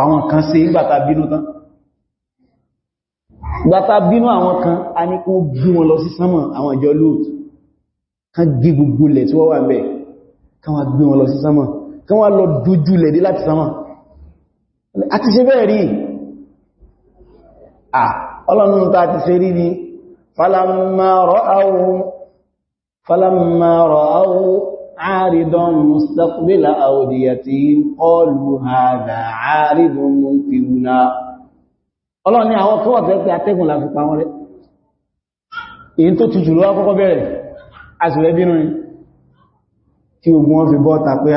àwọn kan ṣe ìgbàta bínú tán gbàta bínú àwọn kan a ní kó gbí wọn lọ sí sánmà àwọn ìjọ lóòtù kan gbí gbogbo lẹ̀ tí wọ́n wà bẹ̀ kan wá gbí wọn lọ sí sánmà kan wá lọ dojú lẹ̀ dé láti sánmà a ti ṣe bẹ́ẹ̀ rí à ọlọ́run ta ti ṣe rí ni falamma ra'aw falamma عارضا مستقبل أوديتهم قالوا هذا عارض ممطرنا ọlọ́run ni àwọn kọwà tẹ́ pé atẹ́gùn la fi pa wọ́n rẹ̀ èyí tó tutù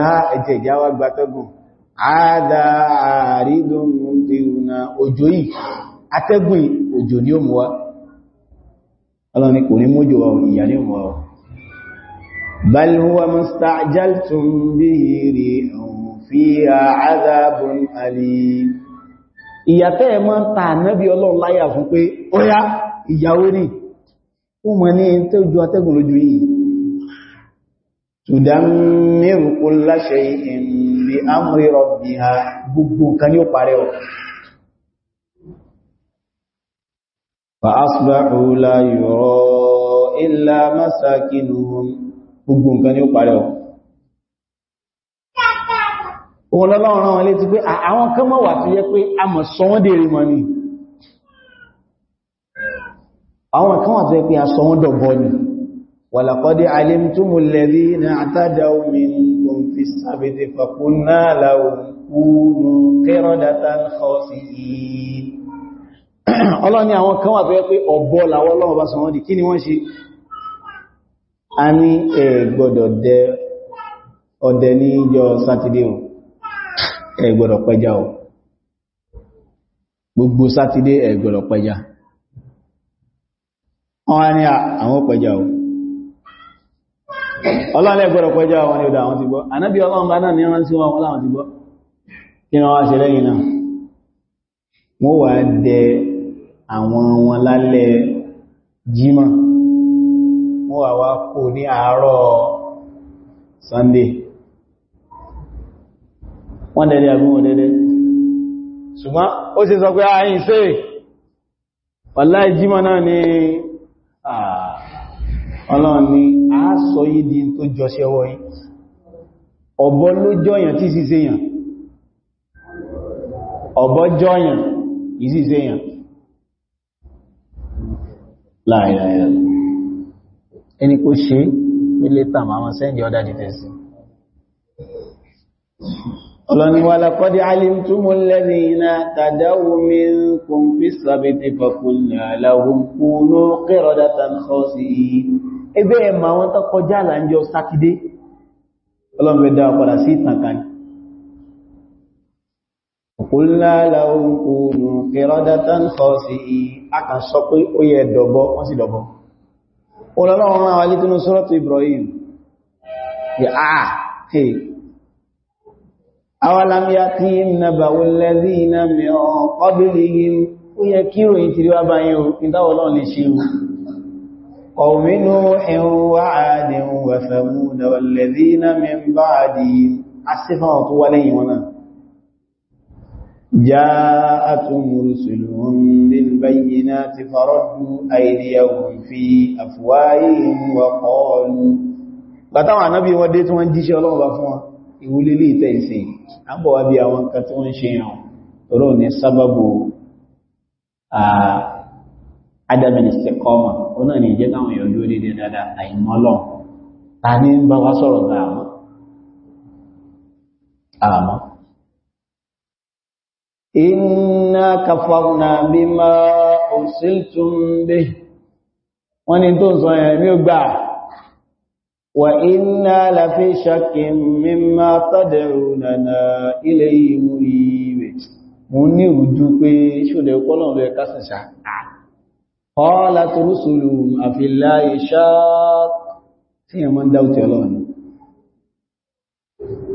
ha ẹ̀jẹ̀ ìjáwà gbàtẹ́gùn àádá àrídùn mọ́tíuna òjò yìí atẹ́gùn òjò ni ó بل هو ما استعجلتم به ريح فيها عذاب أليم ìyà tẹ́ ẹ máa ń ta ànábì ọlọ́run láyà fún pé ó yá ìyàwó ní ó mọ̀ ní tó ju atẹ́gùn lójú yìí tudammiru kulla shay'in bi amri rabbiha gbogbo nǹkan ni ó parẹ́ ọ̀ fa asbahu la yura illa masakinuhum gbogbo nǹkan ni ó parẹ́ ọ òun lọ́lọ́run rán wọn létí pé àwọn kan mọ́ wà tó yẹ pé a mọ̀ sọ wọ́n dèrè mọ́ ni àwọn kan wà tó yẹ pé a sọ wọ́n dọ̀bọ ni ولقد علمتم الذين اعتدوا منكم في السبت فقلنا لهم كونوا قردة خاسئين Ọlọ́run ni àwọn kan wà tó yẹ pé ọ̀bọ làwọn Ọlọ́run bá sọ wọ́n di kí ni wọ́n ṣe a ní ẹ gbọ́dọ̀ dẹ ọdẹ ní ìjọ sátidé o gbogbo sátidé ẹ gbọ́dọ̀ pẹja a, ní àwọn pẹja o ọlọ́lẹ́ gbọ́dọ̀ pẹja ti ní wọ́n wọn ti gbọ́ kí wọ́n jima. wọ́n àwá kò ní àárọ̀ Sunday wọ́n dẹ̀dẹ̀ àgbóhùn dẹ̀dẹ̀ ṣùgbọ́n ó sì sọ pé ààyìn sí wàláì jímọ̀ náà ni ah, ọlọ́run ni a sọ yí di tó jọ sí ọwọ́ yí ọ̀bọ ló jọyàn tí sì sèyàn ọ̀bọ jọyàn ìsì sèyàn láìláìláì ẹni kó ṣe ní létà ma wọn sẹ́ndì ọdá dìtẹ̀sí ọlọ́niwà laqad alimtumul ladhina tadaw minkum fis-sabti faqulna lahum kunu qiradatan khasi'in ẹgbẹ́ ẹ̀mà wọn tó kọjá àlànjọ́ sátidé ọlọ́mọ̀ẹ́dá ọ̀pọ̀lá sí ìtànkàní Òkúnlá lahum kunu a kà sọ pé ó yẹ dọ̀bọ́, wọ́n sì dọ̀bọ́ ọlọ́run rán wa létínú sọ́rọ̀tù Ibrahim yà áà ah, hey awàlámíyà tí nàbàwò lẹ́dí iná mẹ́ọ̀ ọdúnlẹ̀ yìí ó yẹ kí ròyìn ti rí wá bá yíò ìdáwọ̀lọ́ lè ṣe wù ọ̀mínú ẹ̀hùn wà áàdìn wà fẹ̀mú nàbàwò lẹ́dí iná mẹ́ جاءتهم رسلهم بالبينات فردوا أيديهم في أفواههم وقالوا látàwọn ànábí wọ́n dé tí wọ́n jíṣẹ́ ọlọ́run bá fún wọn ìwúlélé ìtẹ́ìsẹ̀ àbọ̀ wá bí àwọn nǹkan tí wọ́n ń ṣe hàn ọlọ́run ní sábàbù adaminister kọmà ó náà ní ìjẹ́ táwọn èèyàn lórí dé dáadáa àìmọ́lọ́ ta ní ń bá wá sọ̀rọ̀ gbà àmọ́ inna kafarna bima ursiltum bih wọ́n ní tó ń sọ yẹn ní ó gbà wa inna la fi shakkin mimma tad'unana ilayhi murib mo ní ìrújú pé ṣòlẹ̀ ọpọlọ́run kásìṣà qalat rusuluhum afillahi shaq tí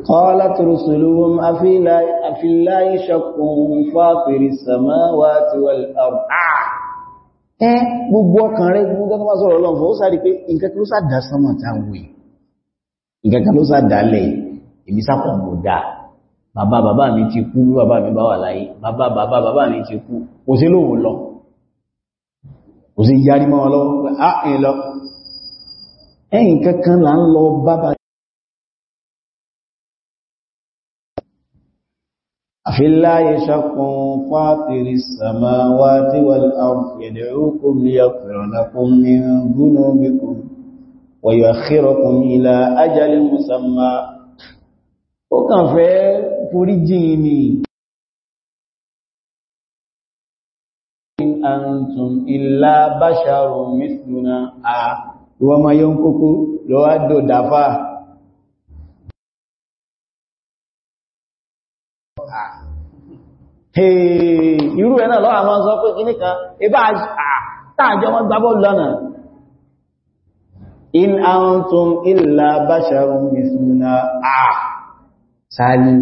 قالت رسلهم أفي الله شك فاطر السماوات والأرض ẹ gbogbo ọkàn rẹ gbogbo ọkàn wá sọ̀rọ̀ lọ́nà ó sáré pé nǹkan kí ló sàdá sánmà táwọn èèyàn nǹkan kan ló sàdá lẹ̀ èmi sápọ̀ mọ̀ dá bàbá bàbá mi ti kú bí bàbá mi bá wà láyé bàbá bàbá bàbá mi ti kú kò sí lóòun lọ في الله شق فاطر السماوات والأرض يدعوكم ليغفر لكم من ذنوبكم ويؤخركم إلى أجل مسمى وكان في فرجيني إن أنتم إلا بشر مثلنا وما ينككوا لو أدوا دفاه irú ẹ̀ náà lọ́wọ́ àwọn sọ pé kan? ibá tààjọ wọn gbábọ́ lọ́nà in antum illa basharun mithluna à sáàlì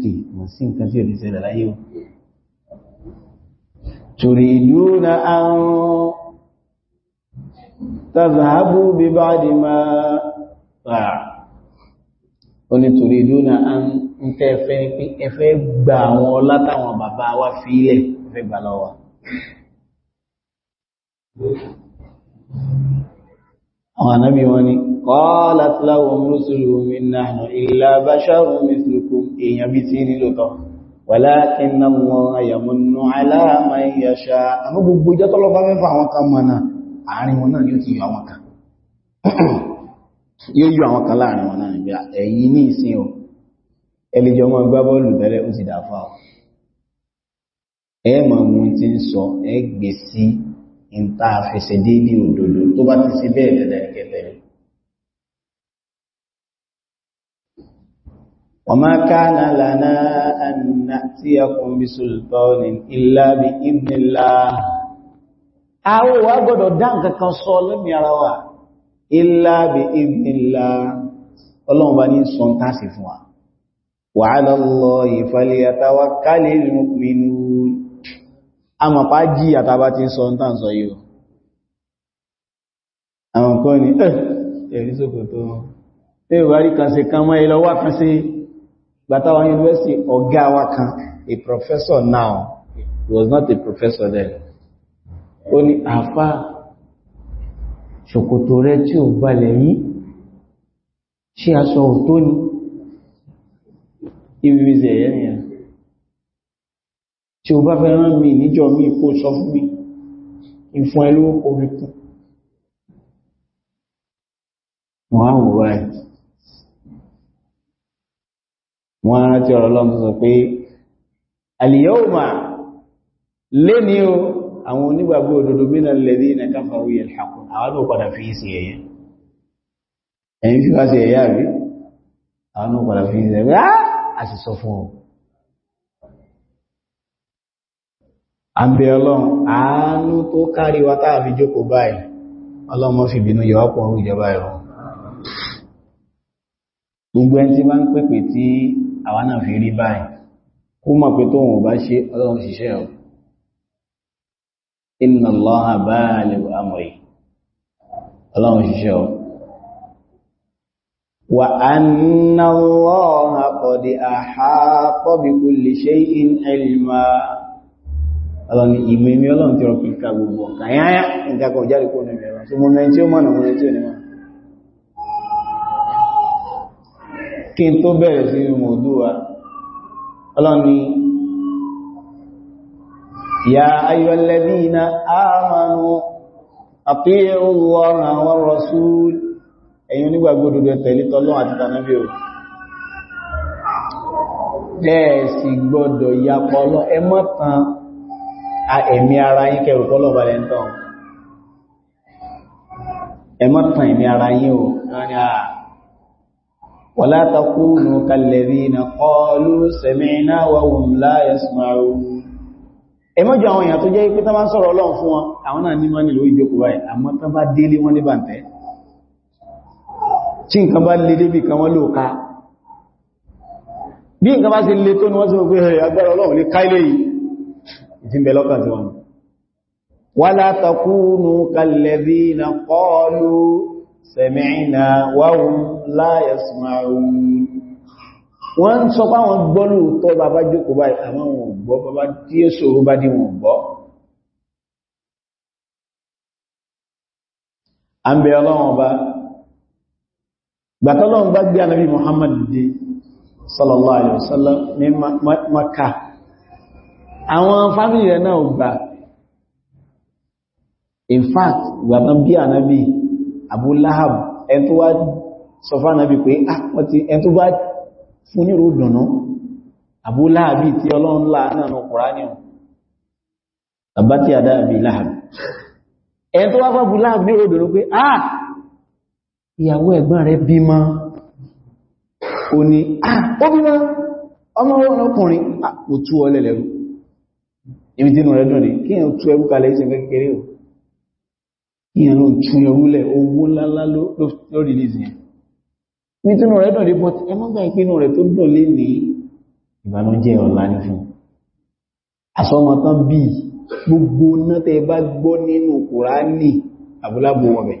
tí wọ́n sí nǹkan tí ò lè ṣẹlẹ̀ láyé o turiduna an tazhabu bi ba'di ma ó ní turiduna an ń tẹ́ ẹfẹ́ ní pé ẹfẹ́ gba àwọn ọlá táwọn bàbá wa fi ilẹ̀ ẹfẹ́ gbà lọ́wọ́ àwọn ànábì wọn ni kọ́ọ̀lá tíláwọ̀ mùsùlù omi náà ìlà bá yóò yọ àwọn kan láàrin wọn náà nígbà ẹ̀yìn ní ìsìn o ẹlẹ́jọ́ máa gbá bọ́ọ̀lù tẹ́lẹ̀ ó sì dáfà ọ̀ ẹ ma mú tí ń sọ ẹ gbé sí ìta àfẹsẹ̀ déédéé òdodo tó bá ti sí bẹ́ẹ̀ dẹ̀dẹ̀ kẹtẹ̀ mi ọmọ kánà lànà àná tí a kún bí sultani ilá bí ibnilá àwọn wa gbọ́dọ̀ dá nǹkan kan sọ ọlọ́run bá ní sọ ń tásì fún wa وعلى الله فليتوكل المؤمنون àmọ́ pa jí àtàbá ti ń sọ ń tàn sọ yìí o àwọn kan ni eh, ẹ̀rí sókòtò ẹ̀wàrí kan ṣe kan mọ́ ìlọ́wà kan sí gbàtàwà university ọ̀gá wa kan a professor now he was not a professor then ó ní àfá ṣòkòtò rẹ̀ tí ò balẹ̀ yìí ṣe aṣọ òtó ni ìrìnrìnzẹ̀ ẹ̀yẹ́ ni tí o bá fẹ́ rán mi níjọ mi kó sọ fún mi ìfún ẹlú oríkù wọ́n á wò báyìí wọ́n á rántí ọ̀rọ̀ lọ́nà sọ pé al-yawma lé ní o àwọn onígbàgbọ́ òdodo mina alladhina kafaru yalhaqun àwọn náà ẹ̀yìn fi wá sí àwọn náà padà fi sí ẹ̀yẹ́ a sì sọ fún ọ a ń bẹ ọlọ́run àánú tó kárí wa táà fi jókòó báyìí ọlọ́mọ fi bínú yọ ọ̀pọ̀ orú ìjọba ẹ̀rọ gbogbo ẹni tí bá ń pèpè tí àwa náà fi rí báyìí kó mọ̀ pé tóun bá ṣe ọlọ́run ṣiṣẹ́ ọ inna Allaha baligh amri ọlọ́run ṣiṣẹ́ wa الله قد أحاط بكل شيء علما Allah ni ìmọ̀ ma Ọlọ́run ti rọ̀pìn ká nke ọ̀kan yáyá nǹkan nke járe kó nínú ọrụ tó mọ́nà tí ó mọ́nà na tí ni ya ayyuhalladhina amanu ati'u Allaha war rasul ẹ̀yin onígbàgbódodo tẹ̀lé tọ́lọ́ àti tànábí o lẹ́ẹ̀sì gbọ́dọ̀ yapọ̀ ọlọ́ ẹ mọ́ tan ẹ̀mí ara yín kẹrù kọ́lọ̀ balẹ̀ ń tàn ẹ̀mí ara yín o wala takunu kalladhina qalu sami'na wa hum náà ní mọ́ nílò tí nǹkan bá lè débì kan wọ́n lò ká bí nǹkan bá sí lè tó ní wọ́n sí gbogbo ẹ̀rẹ̀ agbára ọlọ́run lè káílé yìí ìtìmbẹ̀ lọ́kàn tí wọ́n wala takunu kalladhina qalu sami'na wa hum wọ́n ń sọ páwọn gbọ́ lóòtọ́ bàbá jókòó báyìí àwọn gbàtọ́lọ́n bá gbé anábí Muhammad dé sallallahu alaihi wasallam ní maka àwọn fámílì rẹ̀ náà gbà in fact gbàtán bí anábí Abu Lahab ẹn tó wá sọ fún anábí pé àpọ̀tí ah, ẹn tó bá fún ní ròdùnú Abu Lahab tí ọlọ́run láàánà ní Kùránì ní ròdùnú pé ah, ìyàwó ẹ̀gbọ́n rẹ̀ bímọ o ní àbímọ ah, ọmọ ọlọ́kùnrin kò ah, tú ọ lẹ́lẹ́rú ibi dínú rẹ̀ dùn rí kí èyàn tú ẹrú kalẹ̀ ìṣẹ́ kékeré o ìyàn ló tú ẹrú lẹ̀ owó lálá lórí ìlìsìn ibi dínú rẹ̀ dùn rí but ẹ mọ́gbà ìpinnu rẹ̀ tó dùn lé ní ìbànújẹ́ ọ̀la ní fún asọ́mọtán bíi gbogbo náà tẹ bá gbọ́ nínú Kùránì àbúlábò wọ̀bẹ̀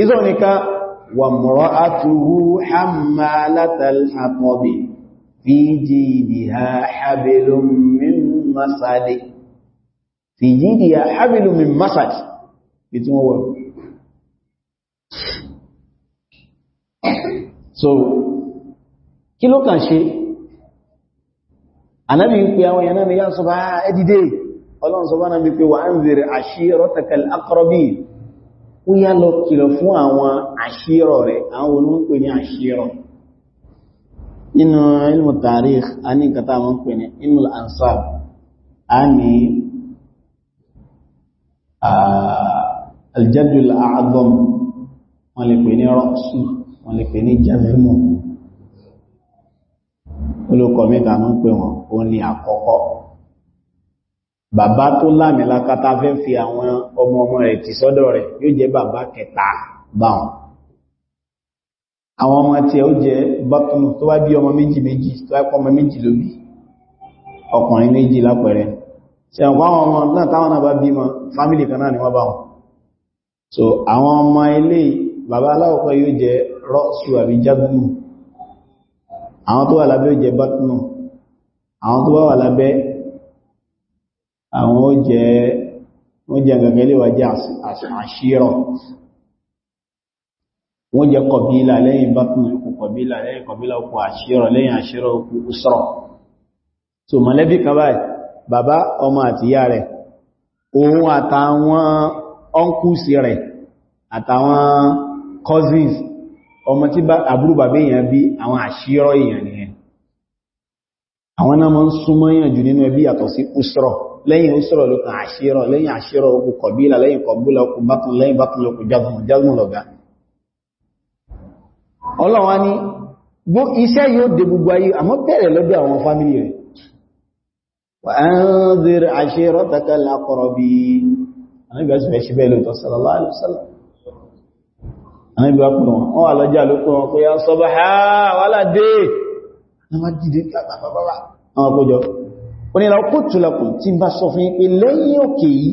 ìzọ nìkan wà mọ̀rọ̀ átúhú hammalatal hatobi fi jidiha hablum min masadi fi jidiha hablum min masadi ìtún wọ́n so kí ló kàn ṣe anábi ń pè àwọn yanáni yá sọ bá ẹdìdé ọlọ́run sọ bá náà bí pé wà ń zèrè àṣírọ́takal akọrọbí ó yá lọ kìlọ̀ fún àwọn àṣírọ̀ rẹ̀ àwọn olóńpẹ̀ ní àṣírọ̀ nínú ilmù tarikh a ní kàtà wọn pè ní ilmù ansab a ní aljadul a'adham wọn lè pè ní rọ́ọ̀sù wọn lè pè ní jazimu olókọ̀ mẹ́ta wọn pè wọn ó ní àkọ́kọ́ bàbá tó lámìlákátá fẹ́ fi àwọn ọmọ ọmọ rẹ̀ tì sọ́dọ̀ rẹ̀ yóò jẹ́ bàbá kẹta báwọn àwọn ọmọ tí ó jẹ́ bátúnù tó bá bí ọmọ méjì méjì tó wáyé ọmọ méjì ló bí ọkùnrin méjì lápẹẹrẹ ṣẹ̀wọ̀n àwọn ọmọ náà ni wọ́n so àwọn ọmọ ilé bàbá aláwọ̀kọ́ yóò jẹ́ rọ́ọ̀sù àbí jágúnù àwọn tó wà lábẹ́ yóò àwọn oúnjẹ oúnjẹ gẹ̀gẹ̀ lè wà jẹ́ àṣírọ̀ wọ́n jẹ́ kọ̀bílà lẹ́yìn bákùn ikú kọ̀bílà lẹ́yìn kọ̀bílà okú àṣírọ̀ lẹ́yìn àṣírọ̀ okú usrọ̀ so mọ̀lẹ́bí kàbáyì bàbá ọmọ àtìyá rẹ̀ òun àtàwọn ọ́nkúsì rẹ̀ àtàwọn cousins ọmọ tí àbúrú bàbá èèyàn bí àwọn àṣírọ̀ èèyàn nìyẹn àwọn náà mọ́ ń súnmọ́ èèyàn jù nínú ẹbí yàtọ̀ sí usrọ̀ lẹ́yìn òṣìrọ̀ ló kan àṣírọ̀ lẹ́yìn àṣírọ̀ okùn kọ̀bílà lẹ́yìn kọ̀bílà okùn bátún lẹ́yìn bátún okùn jazmun lọ̀gá ọlọ́wọ́ ni bó iṣẹ́ yóò dé gbogbo ayé àmọ́ bẹ̀rẹ̀ lọ́dọ̀ àwọn fámílì rẹ̀ àwọn onílà ọkùtùlọkùn tí bá sọ fún pé lẹ́yìn òkè yìí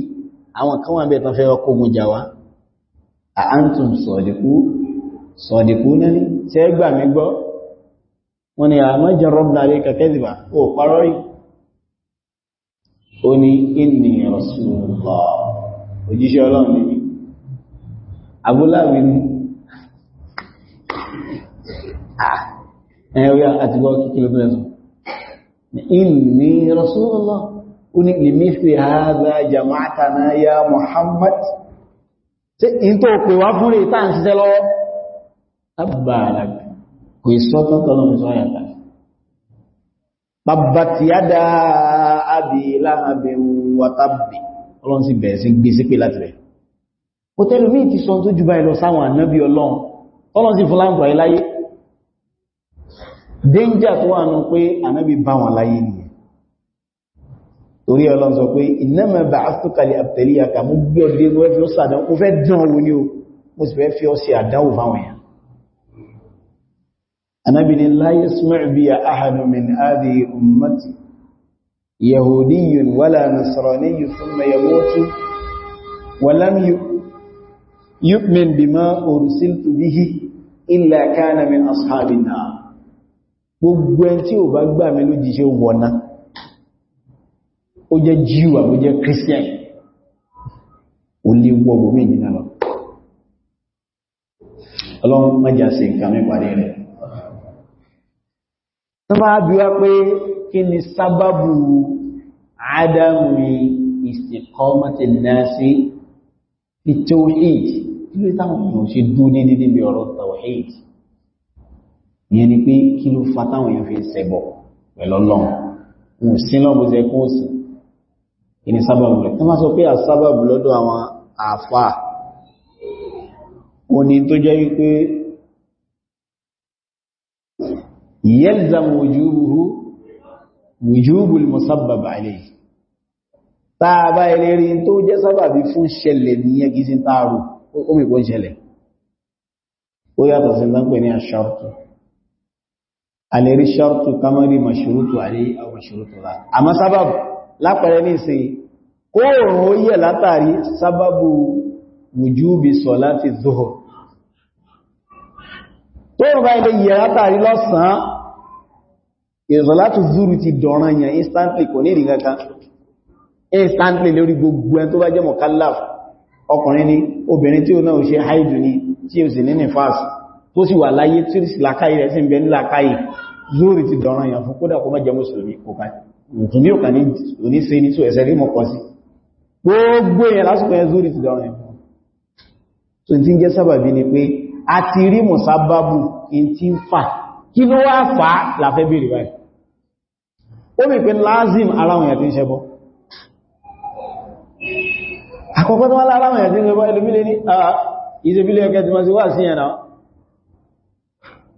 àwọn kan wà bẹ́ẹ̀ tán fẹ́ ọkọ̀ ogun jà wá àántùn sọ̀dìkú sọ̀dìkú náni tẹ́ gbà mí gbọ́ wọn ni àmọ́jẹ rọ́bìnà lè kàkẹ́ dìbà ó parọ́ rí inni rasulullah uni limithli hadha jama'atana ya muhammad ṣé in tó pè wá fún rẹ̀ tá ń ṣiṣẹ́ lọ́wọ́ abbalak ko iso to to lo so ya ta babbat yada abi lahab wa tabbi Ọlọ́run sì be sin gbe sipe láti rẹ̀ o tell me ti so to ju báyìí lọ sáwọn ànábì Ọlọ́run Ọlọ́run sì fún lan gbo ilaye danger tó wà nù pé ànábì bá wọn láyé nìyẹn torí ọlọ́n sọ pé innama ba'athuka li abtaliyaka mú gbé ọdí ẹgbẹ́ fi ó sàdán ó fẹ́ dán owó ní o mo sì fẹ́ fi ọ sí àdánwò fáwọn èèyàn ànábì ní la yasma' biya ahadun min hadhihi ummati gbogbo ẹn tí ò bá gbà mí lójì ṣe wọ̀ná ó jẹ́ jíù àbó jẹ́ christian ó lè wọ́ gbogbo ìdínà lọ ọlọ́run mẹ́jà sí nǹkan mẹ́pàdé rẹ̀ tó máa bí wá pé kí ni sábàbù ádámì ìsìnkọ́mọ́tì náà sí ìtòwé kí ló táwọn ọ̀rọ̀ ìyẹn ni pé kí ló fa táwọn èèyàn fi ń ṣẹbọ pẹ̀lú Ọlọ́run wọn ò sí lọ́bù jẹ kó sì ìní sábàbù rẹ̀ tó máa sọ pé àsábàbù lọ́dọ̀ àwọn àfà òní tó jẹ́ wípé yẹ́lzàmù wujubuhu wujubul musabbab alayhi tààbá ìlérí tó jẹ́ sábàbí fún ṣẹlẹ̀ ní ẹgbìsí tààrù ó mẹ́kọ́ ṣẹlẹ̀ ó yàtọ̀ sí ń ní àṣàrùtù àlèrí ṣọ́rọ̀tù kamari mashurutu àrí àwọn mashurutu rá àmá sábàbù lápẹẹrẹ ní ìsìn kó òrùn ó yẹ látàrí sábàbù wùjúbi sọ láti zuhọ tó rùbá ilé yẹ látàrí lọ́sàn ìrọ̀ láti zúrù ti dọ̀ranyàn instantly kò ní ìrìnkankan instantly lórí gbogbo ẹn tó bá jẹ́ mọ̀kálàf ọkùnrin ni tó sì wà láyé tí làkáyì rẹ̀ sí ń bẹ ní làkáyì zúrì ti dọ̀rọ̀ èèyàn fún kódà kó má jẹ́ mùsùlùmí òkùn ní òkà ní oníṣe ní tó ẹ̀sẹ̀ rí mọ́ sí gbogbo èèyàn ni pé a ti rí mùsábàbù in ti ń fà kí ló wá fà á láfẹ́ bèèrè báyìí ó mì pé lázìm ara wọn yàtí ń ṣẹbọ àkọ́kọ́ tó wá lára wọn yàtí ń ṣẹbọ ẹlòmílẹ̀ ní ah, ìṣẹ́bílẹ̀ ọkẹ́ ti máa sí wà sí ẹ̀nà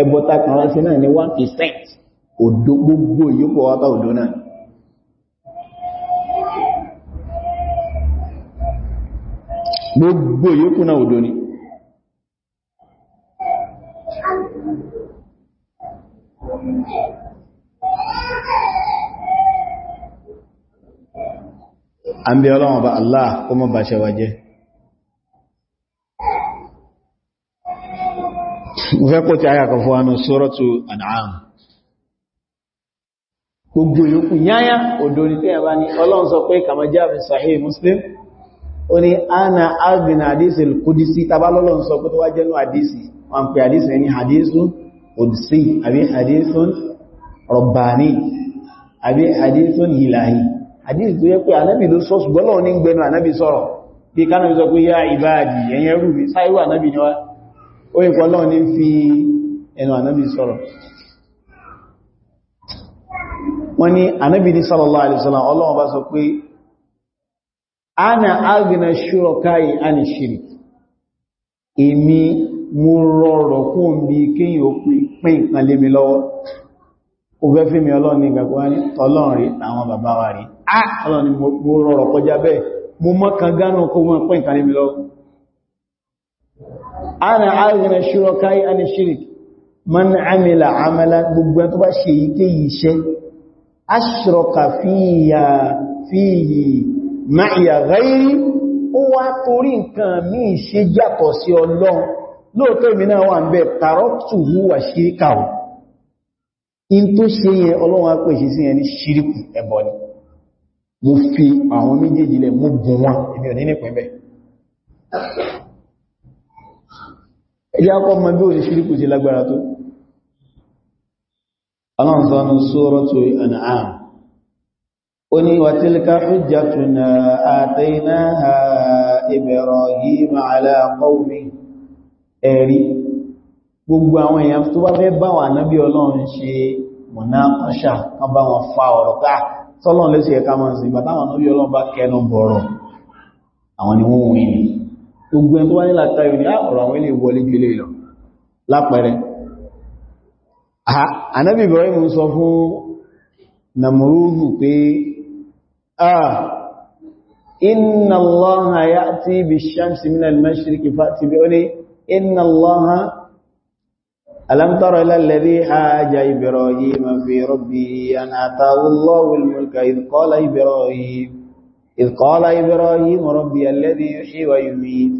ẹbọta kan rá sí náà ní 1% òdó gbogbo ìyókò wá bá òdó náà gbogbo ìyókù náà òdó ni àbí ọlọ́wọ̀n bá Allah kó mọ́ bá ṣẹwàjẹ́ mo fẹ́ kọ́ ti ayà kan fún ànà sọ́rọ̀tù àdáhùn gbogbo yòókù yáyá odò ní tẹ́yà bá ní ọlọ́run sọ pé kàmà jáàbì muslim ana albin àdísì kudisi tàbá lọ́lọ́run sọ pé tó wá jẹ́nu àdísì wọn pè àdísì ní àdísù kudisi àbí àdísù rabbani àbí ilahi àdísì tó yẹ pé anábì ló sọ ní gbẹnu anábì bí kánàbì sọ mi sáíwà anábì ni wá ó ikọ̀ lọ́n ní fi ẹnu ànábì sọ̀rọ̀ wọ́n ní ànábì ní sallallahu alaihi wasallam ọlọ́wọ́ bá sọ pé ana agna shuraka'i ani shirik èmi mo rọrọ̀ kún bí kíyàn pín nǹkan lé mi lọ́wọ́ ó fẹ́ mi ọlọ́ni ìgbàgbọ́ ní ọlọ́run rí àwọn bàbá wa rí ah ọlọ́ni mo rọrọ̀ kọjá bẹ́ẹ̀ mo mọ́ kan gánà kó mọ́ pín nǹkan mi lọ́wọ́ ana aghna shuraka'i an shirik man amila amalan gbogbo tó bá ṣe yike iṣẹ́ ashraka fiya fihi ma'iya ghairi ó wá torí nǹkan mi ṣe yàtọ̀ sí Ọlọ́hun lóòótọ́ mi náà wà ńbẹ̀ taraktu hu wa shirika hu in tó ṣe yẹn Ọlọ́hun á pè ẹjẹ́ akọ́ mọ̀ bí òní ṣíríkù ti lágbára tó aláǹsánú sórọ́tù An'am ó ní wa tilka hujjatuna ataynaha Ibrahim ala qawmi ẹ̀rí gbogbo àwọn èèyàn tó bá fẹ́ bá wà nábí ọlọ́run ṣe mọ̀ná ọ̀ṣà kan bá wọn gbogbo ẹn tó wá nílà táyò ní ah, ọ̀rọ̀ àwọn ilé wọlé jù ilé lọ lápẹẹrẹ ànábì Ibrahim sọ fún Namrudu pé ah inna Allaha ya'ti bish-shamsi minal mashriqi fa'ti bi oni inna Allaha alam tara ila alladhi fi rabbihi an atahu Allahu mulka idh Ibrahim إذ قال إبراهيم ربي الذي يحيي ويميت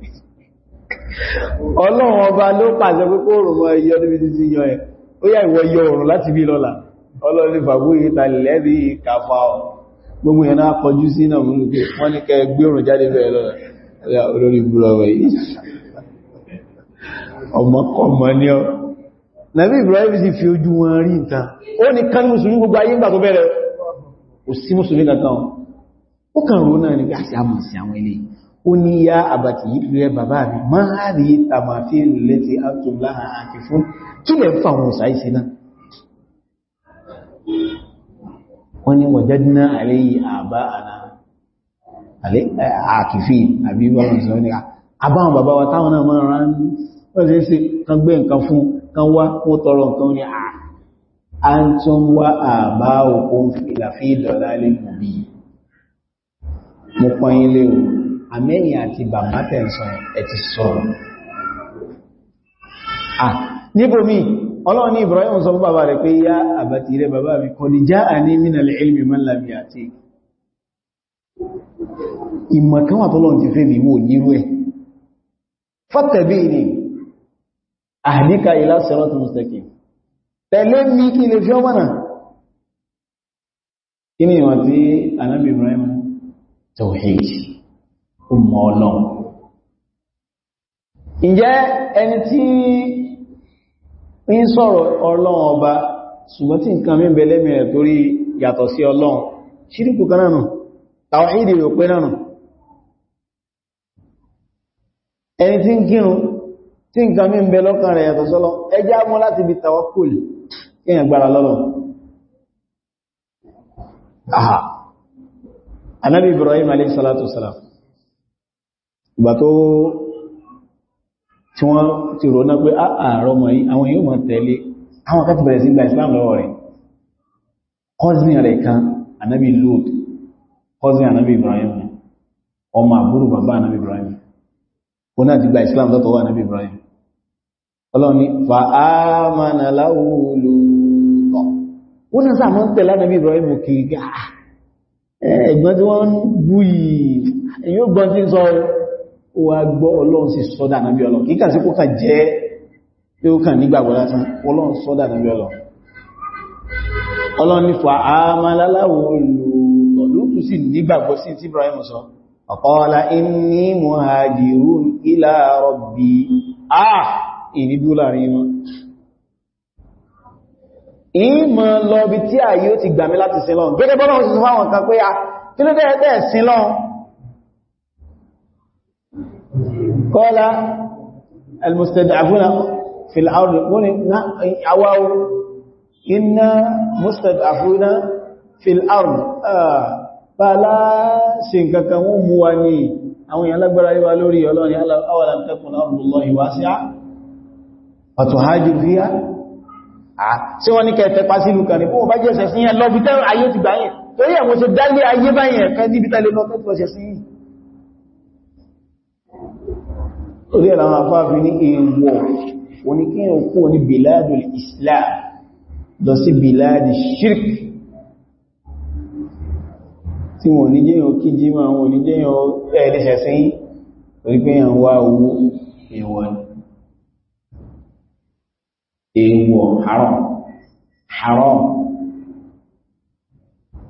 ọlọ́run ọba ló pàṣẹ pé kó òrùn mọ́ ẹyọ níbi títí yan ẹ̀ ó yá ìwọ yọ òrùn láti bí lọ́la ọlọ́run ní fàbú ìta lẹ́bí kàfà ọ̀ gbogbo yẹn náà kọjú sí náà mú pé wọ́n ní kẹ gbé òrùn jáde bẹ́ẹ̀ lọ́la olórí búrọ̀wẹ̀ yìí ọmọkọmọ ní ọ nàbí Ibrahim sì fi ojú wọn rí nǹkan ó ní kán mùsùlùmí gbogbo ayé ńgbà tó bẹ̀rẹ̀ kò sí mùsùlùmí kankan ó kàn rò náà ní àti àmọ̀ sí àwọn eléyìí ó ní yá àbàtì rẹ bàbá rí máa rí tàbàfí rẹ̀ tí a tún láàá àti fún kí lẹ fà wọn ìsáìsì náà wọ́n ni wajadna alayhi àbáàna àkìfí àbí wọ́n sọ ní ah, àbáwọn bàbá wa à ah, mo pọ́n ilé òun àmẹ́yìn àti bàbá tẹ̀sán ẹ̀ ti sọ̀rọ̀ ah níbòmí ọlọ́run ní Ibrahim sọ fún bàbá rẹ̀ pé yá àbàtì rẹ̀ bàbá mi kọ́ ní já à ní mínal ilmi man lam ya'ti ìmọ̀ kan wà tọ́lọ́run ti fẹ́ mi mú nírú ẹ̀ fattabi'ni ni ìwọ̀n tí tawhid kó mọ ọlọ́run ǹjẹ́ ẹni tí ń sọ̀rọ̀ ọlọ́run ọba ṣùgbọ́n tí nǹkan mí bẹ lẹ́mìí torí yàtọ̀ sí ọlọ́run ṣíríkù kan náà tàwàídì rò pé náà ẹni tí ń kírun tí nǹkan mí bẹ lọ́kàn rẹ̀ yàtọ̀ sọ́lọ́ ẹjá mọ́ láti bí tàwákùl kíyàn gbára ìgbà tó tí wọ́n ti rò náà pé ààrọ mọ̀ yí àwọn yóò mọ̀ àwọn akẹ́kọ̀ọ́ bẹ̀rẹ̀ sí Islam lọ́wọ́ rẹ̀ rẹ̀ kan anabi Lut cousin anabi Ibrahim ọmọ àbúrò bàbá anabi Ibrahim ó náà ti gba Islam anabi Ibrahim ó wá gbọ́ ọlọ́run sì sọ́dà nàbí ọlọ́run kíkà sí kó kà jẹ́ pé ó kàn nígbàgbọ́ látán ọlọ́run sọ́dà nàbí ọlọ́run ọlọ́run ní fa àmàláláwò olùtọ̀ lótú sí Ibrahim sọ ọ̀pọ̀ọ̀lá inni ila rabbi ah ìnídú láàrin wọn ìmọ̀ lọ bí tí ààyè ó ti gbàmí láti sin gẹ́gẹ́ bọ́lọ́run sọ fáwọn kan pé a ah, kí ló dẹ́ẹ̀ sin قال المستضعفون في الأرض عواو إنا مستضعفون في الأرض فلا سنككم مواني àwọn èèyàn lágbára yíwa lórí ọlọ́rin awalam takun ardullahi wasi'a fatuhajiru fiha àà sí wọ́n ní kẹtẹ pàṣílù kan ní fún ọba jẹ́ ṣẹ̀sìn yẹn lọ bí tẹ́rọ ayé ti gbáyẹ̀ torí ẹ̀mọ́ ṣe dálé ayé báyẹ̀ kan níbi tẹ́lẹ̀ lọ́tọ́ orí ẹ̀rọ àwọn afáàfi ní èèwọ̀ òní kí o kú ní bìláàdì islam lọ sí bìláàdì shirk tí wọ́n ní jẹ́ yàn kí jí máa wọ́n ní jẹ́ yàn ẹ̀ẹ́dẹ́sẹ̀ sí orí pé yàn wá owó èèwọ̀ haram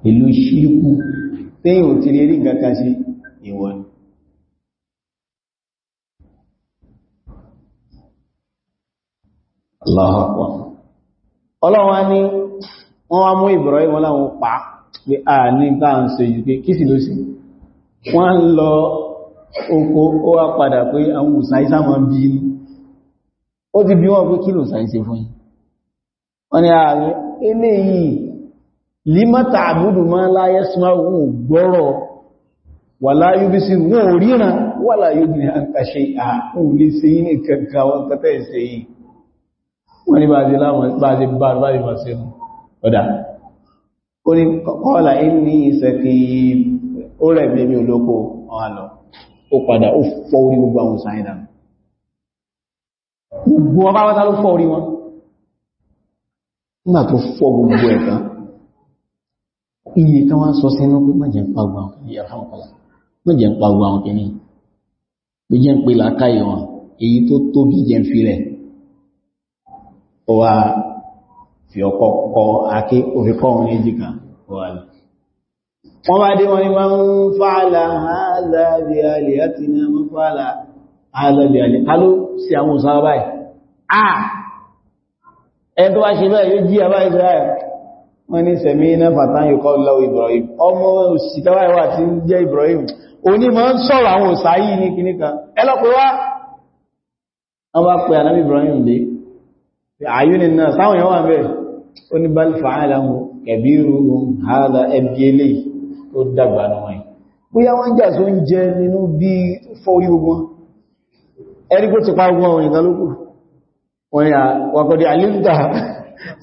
ìlú shirku tí yàn ti rí rí èèwọ̀ ni Aláhọ̀pọ̀. Ọlọ́wọ́ ní wọ́n wá mú ìbọ̀rọ̀ ìwọ̀n láwọn pa pé a ní bá ń ṣe yìí pé kí sì ló sí. Wọ́n ń lọ oko ó wá padà pé àwọn òsàísá mọ́ bí i. Ó ti bí wọ́n pé kí ló sàíṣe fún yìí. Wọ́n ele ààrẹ, ilé yìí, límọ́ta àbúdù máa láyé súnmọ́ òun gbọ́rọ̀ na láyé bí sí wọ́n ní báyìí láwọn báyìí bá báyìí máa ṣe ọ̀dá ó ní kọ́ọ̀lá ní ìsẹ̀kì ó rẹ̀ bí mi olóko ọ̀hálọ̀ ó padà ó fọ́ orí gbogbo àwọn sáyẹ̀dà gbogbo ọba wátá ló fọ́ orí wọn nígbà tó fọ́ gbogbo ẹ̀ta iye kan wá sọ sínú pé jẹ́ ń pa gbogbo àwọn èyí tó tóbi jẹ́ ń filẹ̀ ó wá fi ọkọ̀ kọ aké oríkọ́ wọn ní jìkà wà ní wọ́n bá dé wọn ni wọ́n ń fààlà ààlàbí alì àti ní wọ́n fààlà ààlàbí alì káló sí àwọn òsàn àà ẹni wá ṣe bẹ́ẹ̀ yóò jí àbá Israel wọ́n ní sẹ̀mí iná fàtán yóò kọ́ lọ Ibrahim ọmọ òsìkáwà ìwà tí ń jẹ́ Ibrahim òní mọ́ ń sọ̀rọ̀ àwọn òsà yìí ní kìníkan ẹlọ́pẹ́ wá wọ́n bá pẹ̀ ànábì Ibrahim dé àyún iná sáwọn yọ́wà bẹ́ ó ní bá fàáàlàmù ẹ̀bírú hádà ẹgbẹ́lé tó dàgbà náà ẹ̀ bóyá wọ́n jà só ń jẹ nínú bí fọ́rí ogun ẹ̀rí kó ti pa ogun àwọn ìgbàlókù wọ́n ni wàkọ̀dì àlífta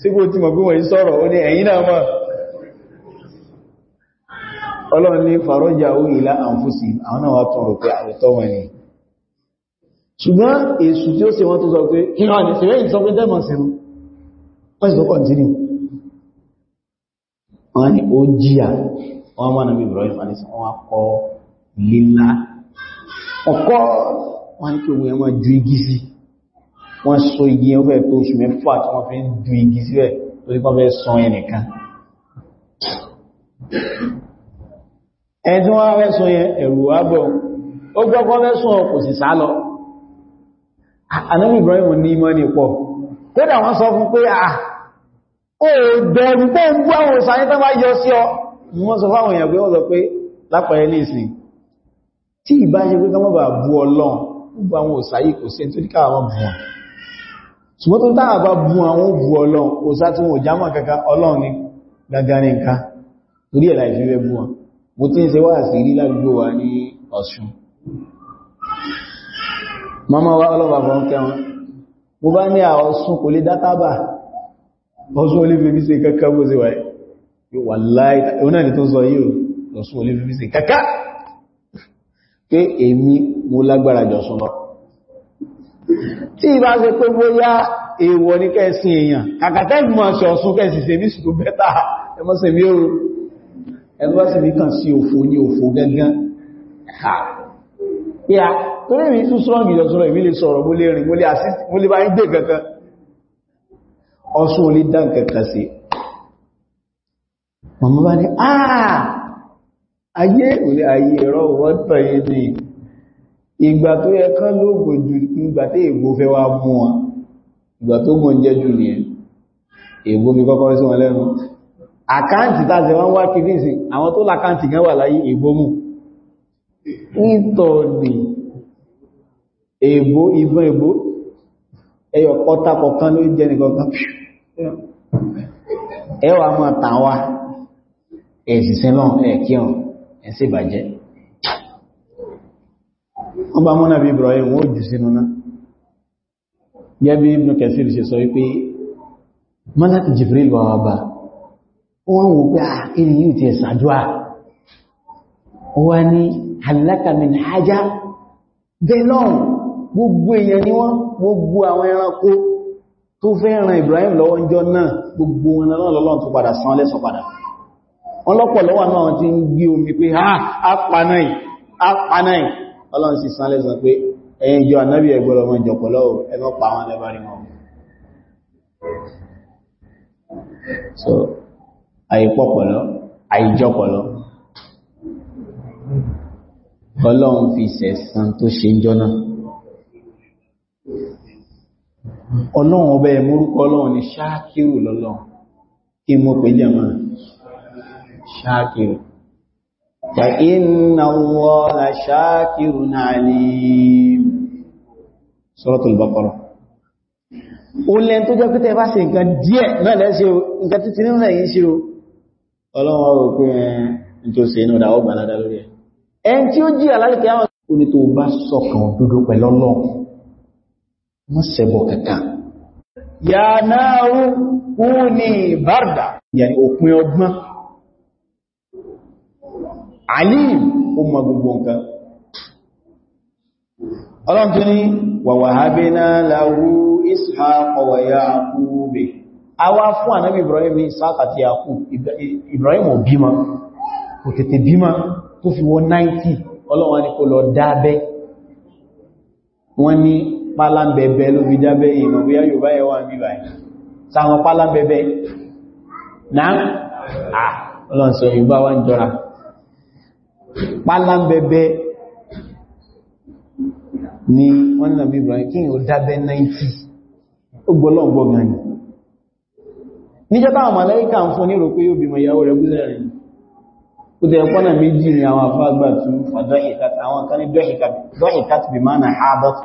sí kó ti mọ̀ bí wọ́n ó ní ẹ̀yìn náà mọ̀ ọlọ́run fàrọ́jà ó ìlà àǹfúsì àwọn náà wà tọrọ pé àwòtọ́ wọn ni ṣùgbọ́n èṣù tí ó ṣe wọ́n tó sọ pé ìhàn ní fẹ́rẹ́ ìsọpé dẹ́mọ̀ sí wọn wọ́n sì tó kọ̀ntínú wọ́n ni ó jíyà wọ́n mọ́ nàbí ìbìrọ̀ ìfàníṣì wọ́n akọ lílá ọkọ́ wọ́n ni kí ogun ẹmọ́ ju igi sí wọ́n so igi ẹmọ́ fẹ́ tó oṣù mẹ́fà tí wọ́n fi ń ju igi sí ẹ̀ tó ní pọ́fẹ́ sọ ẹnìkan ẹni tí wọ́n fẹ́ sọ yẹn ẹ̀rù wá bọ̀ ó gbọ́gbọ́ fẹ́ sọ kò sì sá Ànábì Ibrahim ní ìmánì pọ̀. Kódà wọ́n sọ fún pé àà, ah, ó bẹ̀rù pé ń bú àwọn òsànyí tán bá yọ sí ọ. Wọ́n sọ fáwọn èèyàn pé wọ́n sọ pé lápàá ní ìsìn. Tí ìbá ṣe pé kọmọ́ bà bú Ọlọ́run, ó bú àwọn òsànyí kò sí tó díkà àwọn bù wọn. Ṣùgbọ́n tó táà bá bú àwọn bú Ọlọ́run, òsà tí wọn ò jámọ̀ kankan Ọlọ́run ni gangan ní nǹkan. Torí ẹ̀ láì fi fẹ́ bú wọn. Mo ti ń ṣe mọ́mọ́ wá ọlọ́wà bọ̀ ń kẹwọn mo bá ní àwọn ọ̀sùn kò lè dátàbà ọ̀sùn olífẹ́ bí i ṣe kẹ́kẹ́ bó ṣe wáyé yóò wà láì ọ̀nà ni tó sọ yìí ọ̀sùn olífẹ́ bí i ṣe kẹ́kẹ́ pé èmi mo lágbára jọ̀sùn lọ tí ìbá ṣe pé bóyá èèwọ̀ ní kàn sí òfò ní òfò gẹ́gẹ́ tó rí rí tún strong ìjọsọ́rọ̀ ìwílé sọ̀rọ̀ mo lè rìn mo lè assist mo lè bá ń gbé kankan ọ̀ṣun ò lè dá nǹkankan sí mọ̀mọ́ bá ní àà ah! ayé òlé ayé ẹ̀rọ wọ́tọ̀ yìí ni ìgbà tó yẹ kán lóògùn jù ìgbà tí ègbò fẹ́ wá mú wọn ìgbà tó gbọ́n jẹ́ jù ní ẹ̀ ègbò fi kọ́kọ́ sí wọn lẹ́nu àkáǹtì tàbí wọ́n wá kìí sí àwọn tó lákáǹtì gan wà láyé ègbò mú ìtọ̀ nìí èèbó ìbọn èèbó ẹyọ pọ́ta kọ̀kan ló jẹ́ nìkọ̀kan ẹwà mọ́ tàwa ẹ̀sìsẹ́ lọ́n ẹ̀kíọ̀n ẹ̀sì bàjẹ́ wọ́n bá mọ́nà bí Ibrahim wọ́n jù sínú náà gẹ́bí Ibn Kathir ṣe sọ wípé mọ́láti Jibril wà wà wọ́n wò pé à ìrìn yìí ti ẹ̀sàdúà wọ́n ni halaka min hajá belong gbogbo èèyàn ni wọ́n gbogbo àwọn ẹranko tó fẹ́ ran Ibrahim lọ́wọ́ ọjọ́ náà gbogbo wọn náà lọ́lọ́run tó padà san lẹ́san padà wọn lọ́pọ̀ lọ́wọ́ náà ti ń gbé omi pé ha ah, apanáì apanáì ọlọ́run so àìpọ̀pọ̀lọ́ àìjọpọ̀lọ́ ọlọ́run fi sẹ̀san tó ṣe ń jọ náà ọlọ́run ọba ẹ̀múrúkọ ọlọ́run ni ṣáàkìrù lọ́lọ́run kí mo pè jẹ́ máa ṣáàkìrù ta inna Allaha ṣáàkìrun alim Suratul Baqarah ó lẹ́n tó jẹ́ pítẹ́ bá ṣe nǹkan díẹ̀ náà lẹ́ṣẹ́ nǹkan títí nínú ẹ̀yìn ṣe o ọlọ́run ọ̀rọ̀ pé ẹn wọ́n sẹ́bọ̀ kankan ya náàrù kúni bárdà yàní òpin ọgbọ́n alim o ma gbogbo nǹkan ọlọ́n tó ní wa wahabna lahu ishaqa wa yaqubi a wá fún ànábì ibrahim isaac àti yaqub ibrahim ò bímọ kò tètè bímọ tó fi wọ 90 ọlọ́wọ́n ni kò lọ dábẹ́ wọ́n ni pálámbẹ̀bẹ̀ ló fi jábẹ́ ìmọ̀ bí yóò bá ẹwà bí báyìí sáwọn pálámbẹ̀bẹ̀ náà ọlọ́nsọ ìgbà wá ń jọra pálámbẹ̀bẹ̀ ni wọ́n náà bí Ibrahim kí o dábẹ́ 90 ó gbọ́lọ́gbọ́ gan níjọba àwọn màláíkà ń fún ní rò pé yóò bímọ ìyàwó rẹ̀ gúzẹ̀rin ó tẹ́ pọ́nà méjì ni àwọn afágbà tún fàdọ́hìkàtì àwọn kan ní dọ́hìkàtì bí máa na àádọ́tù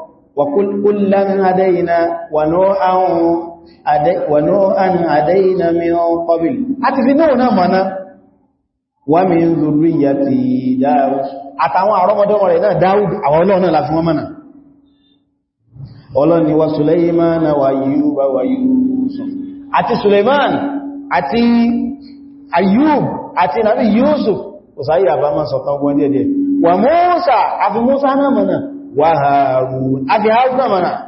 وكلا هدينا ونوحا ونوحا هدينا من قبل أتفنونا منا ومن ذرية داود àtàwọn àrọ́mọdọ́mọ rẹ̀ náà dáúdù àwọn ọlọ́run náà láti wọ́n mọ́nà ọlọ́run ni wa Suleiman wa Ayyuba wa Yusuf àti Suleiman àti Ayyub àti nàbí Yusuf òsáyí àbámọ́ sọ̀tán gbọ́n díẹ̀díẹ̀ wa Musa àfi Musa náà mọ́nà وهارون أجي هارون منا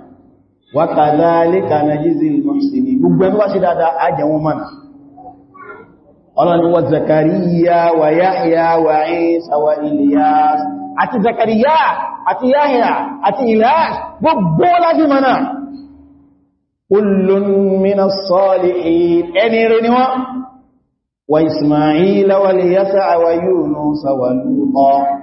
وكذلك نجزي المحسنين بغبن واشي دادا اجا ومنا الله هو زكريا ويحيى وعيسى والياس اتي زكريا اتي يحيى اتي الياس بغبولا دي منا كل من الصالحين اني رنوا واسماعيل واليسع ويونس ولوطا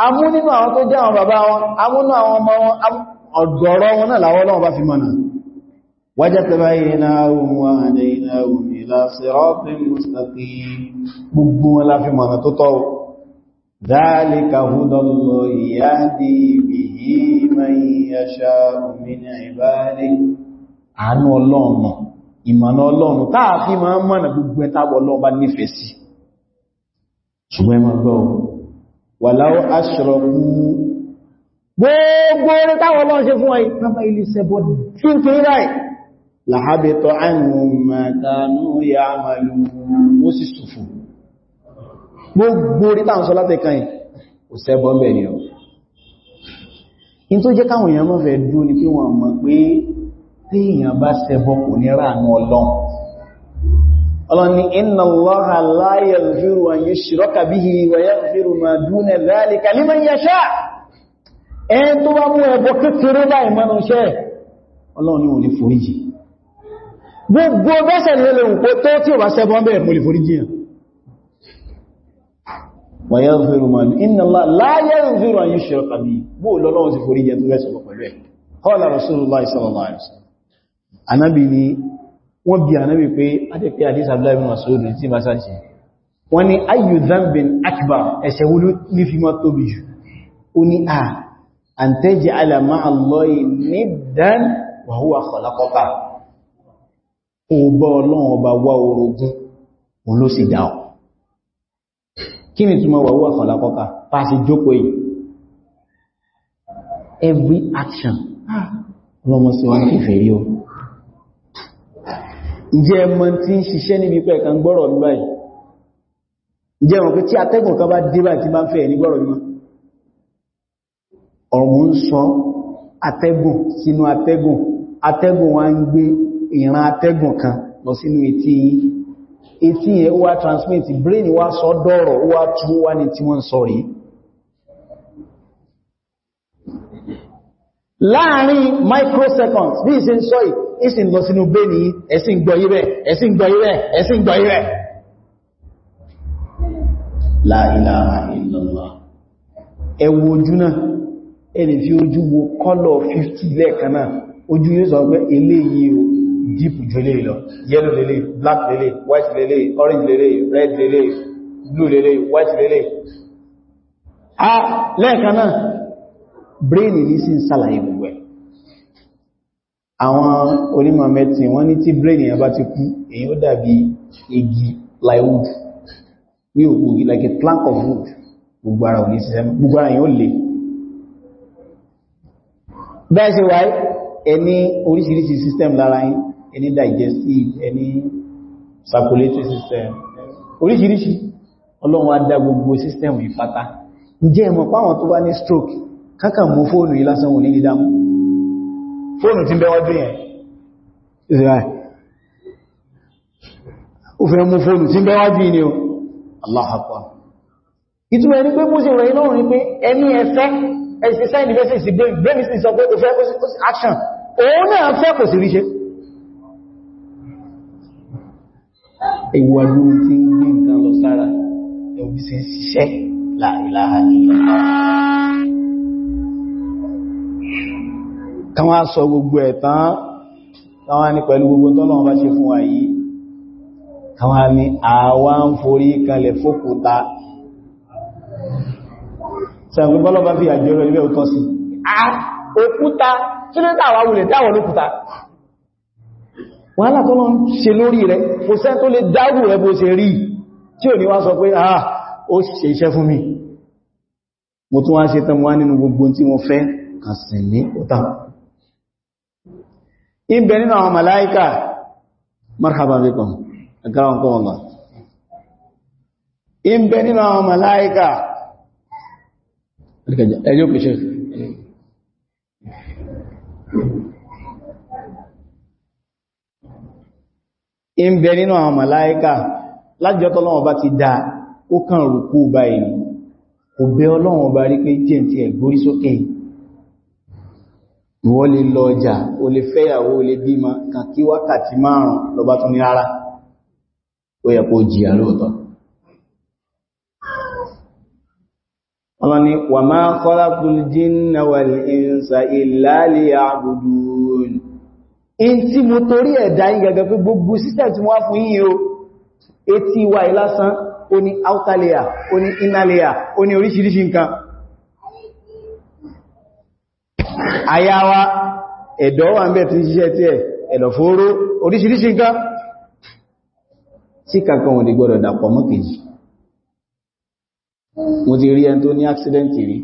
amú nínú àwọn tó jẹ́ àwọn bàbá wọn amú nínú àwọn ọmọ wọn ọ̀gọ̀rọ̀ wọn náà láwọ́ lọ́wọ́ bá fi mọ̀nà wajad bainahum wa hadaynahum ila siratin mustaqim gbogbo wọn la fi mọ̀nà tó tọ́ dhalika hudallahi yahdi bihi man yasha'u min ibadihi àánú ọlọ́ọ̀nà ìmọ̀nà ọlọ́run táà fi máa mọ̀nà gbogbo ẹ̀tàbọ̀ ọlọ́ọ̀bá nífẹ̀ẹ́ sí ṣùgbọ́n ẹ gbọ́ ọ̀rọ̀ wàláwọ́ aṣọ́rọ̀kú gbogbo orí táwọn ọlọ́run ṣe fún wa ìpápá ilé sẹ́bọ̀ tí ń torí ráì làhábẹ̀tọ̀ àìrùn mẹ́tàánú ya àmàlù ó sì sùfù gbogbo orí táwọn sọ́látẹ̀ kan ò sẹ́bọ̀ ń bẹ̀rẹ̀ ọ̀ in tó jẹ́ káwọn èèyàn mọ́fẹ́ dú ni kí wọ́n mọ̀ pé tí ọlọ́ni inna Allaha la yaghfiru an yushraka bihi wa yaghfiru ma duna dhalika liman yasha ẹn tó bá mú ẹbọ kékeré báyìí mẹ́nu iṣẹ́ ọlọ́ni ò lè foríjì gbogbo bẹ́sẹ̀ lè lè wùpó tó tí ò bá sẹ́bọ́n bẹ́ẹ̀ mú lè foríjì wa yaghfiru ma inna Allaha la yaghfiru an yushraka bihi bó lọ́lọ́wọ́ sí wọ́n bí ànábì pé adẹ́pẹ́ àdís àbúláìbìn masoòdù tí bá sáàṣì wọ́n ni ayu zambin akbar ẹ̀ṣẹ̀ wúlú ní fi máa tóbi jù ó ní à an taj'ala ma'a Allahi niddan wa huwa khalaqaka ó bá ọlọ́run ọba wá orogún òun ló sì dá every action ah, ọlọ́mọ sí wọn kìfẹ̀ rí o ǹjẹ́ ẹmọ tí ń ṣiṣẹ́ níbi pẹ́ kan gbọ́rọ̀ mi báyìí ǹjẹ́ ẹmọ pé tí atẹ́gùn kan bá dé báyìí tí máa ń fẹ́ ní gbọ́rọ̀ mi ọ̀rùn ń sọ atẹ́gùn sínú atẹ́gùn atẹ́gùn wá ń gbé ìran atẹ́gùn kan lọ sínú etí yìí brain wá sọ dọ́rọ̀ wá tú wá ní microseconds bí ìṣe ń sọ yìí ìsìn lọ sínú gbé ní ẹ̀sìn gbọ́yírẹ̀ ẹ̀sìn gbọ́yírẹ̀ ẹ̀sìn gbọ́yírẹ̀ la ilaha illallah ẹ wo ojú náà ẹni fi ojú wo kọ́lọ̀ 50 lẹ́ẹ̀kan náà ojú yóò sọ pé eléyìí o deep jù lè lọ yellow lele black lele white lele orange lele red lele blue lele white lele ah lẹ́ẹ̀kan brain ní sí ń sàlàyé gbogbo ẹ̀ àwọn onímọ̀ mẹ́tìn wọ́n ní tí brain èyàn bá ti kú èyàn ó dàbí igi plywood ní òkú like a plank of wood gbogbo ara ò ní ṣiṣẹ́ gbogbo ara èyàn ó bẹ́ẹ̀ ṣe wáyé ẹni oríṣiríṣi system lára yín ẹni digestive ẹni circulatory system oríṣiríṣi ọlọ́run á dá gbogbo system ìpátá ǹjẹ́ ẹ̀mọ̀ páwọn tó bá ní stroke kákà mú fóònù ìlásánwò ní dídámú fóònù ti bẹ́wọ́dé yẹn israel ó fẹ́ mú fóònù ti bẹ́wọ́dé ni o Allahu Akbar ìtumọ̀ ẹni pé púsí rẹ̀ inú rí pé ẹni ẹfẹ́ ẹ̀sẹ̀sẹ̀ ìdífẹ́sì brainstorm sọ pé ó fẹ́ action òun náà fẹ́ kò sí ríṣẹ́ ìwà ló ti ń gbé nǹkan lọ sára ẹ̀wọ̀n bí sí ṣiṣẹ́ la ilaha illallah kan wá sọ gbogbo ẹ̀tán káwọn ní pẹ̀lú gbogbo tọ́lọ́run bá ṣe fún wa yìí káwọn ní àwa ń forí kanlẹ̀ fókúta sẹ́gbẹ́ bọ́lọ́ bá fi àjẹ́ ọ̀rọ̀ ilẹ̀ òtọ́ sí òkúta tí ló dáwà wulẹ̀ dáwà lókúta wàhálà tọ́lọ́ ń ṣe lórí rẹ̀ kò sẹ́ tó lè dáwù rẹ̀ bó ṣe rí tí ò ní wá sọ pé ah ó ṣe iṣẹ́ fún mi mo tún wá ṣe tán wá nínú gbogbo tí mo fẹ́ kàsìmí ó tàbí ibẹ̀ nínú àwọn màláíkà marhaba bikum agawọn kọ́ ọlọ́ ibẹ̀ nínú àwọn màláíkà ẹjọ́ pẹ̀ṣẹ́ ibẹ̀ nínú àwọn màláíkà lájọ́ tọ́lọ́wọ́ bá ti dá ó kàn rùkú báyìí kò bẹ́ ọlọ́wọ́ bá rí pé jẹ́ ti ẹ̀gbórí sókè yìí ìwọ́n lè lọ ọjà o lè fẹ́yàwó o lè bímọ kan kí wákàtí márùn lọba tún ní ara ó yẹ kó jìyà lóòtọ́ Allah ni wa ma khalaqul jinna wal illa liya'budun in tí mo torí ẹ̀dá yín gẹ́gẹ́ pé gbogbo sísẹ̀ tí wọ́n fún yín o etí wà ní outer layer ó ní inner layer ó ní oríṣiríṣi nǹkan àyà wa ẹ̀dọ̀ wà ń bẹ̀ tí ṣiṣẹ́ tí ẹ̀ ẹ̀lọ̀fóró oríṣiríṣi nǹkan tí kankan wọ́n di gbọ́dọ̀ dàpọ̀ mọ́ kejì mo ti rí ẹn tó ní accident rí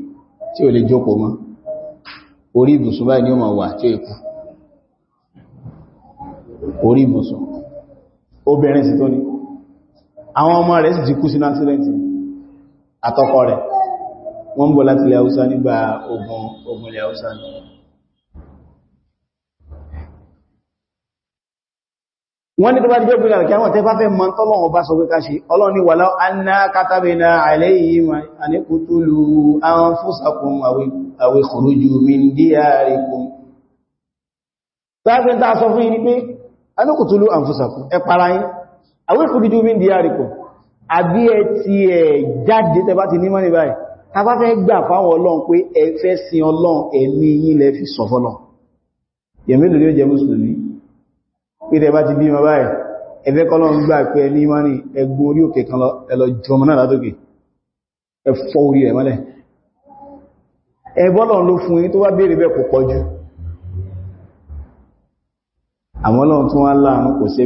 tí ò lè jókòó mọ́ orí ìbùsùn báyìí ni ó máa wà tí ó ikú orí ìbùsùn obìnrin sì tó ní àwọn ọmọ rẹ̀ sì ti kú sínú accident àtọkọ rẹ̀ wọ́n ń bọ̀ láti ilẹ̀ haúsá nígbà ogun ogun ilẹ̀ haúsá ni wọ́n ní tó bá jẹ́ ògbìlẹ̀ àkí àwọn tẹ́fà fẹ́ mọ́ tọ́lọ̀wọ̀ bá sọ pé ká ṣe ọlọ́run ni walau anna katabna alayhim an iqtulu anfusakum aw ikhruju min diyarikum tàbí tàbá fẹ́ gbà fáwọn ọlọ́run pé ẹ fẹ́ sin ọlọ́run ẹ̀mí yín lẹ fi sọ fọ́lọ̀ yẹ̀mí lórí ó jẹ́ mùsùlùmí pídẹ bá ti bí ma báyìí ẹfẹ́ kọ́lọ́run gbà pé ẹni má ní ẹgbùn orí òkè kan ẹlọ jọmọ náà látòkè ẹfọ́ orí ẹ̀ mọ́lẹ̀ ẹbọ́lọ́run ló fún yín tó wá béèrè bẹ́ẹ̀ kò pọ̀ jù àwọn ọlọ́run tó wá láàánú kò ṣe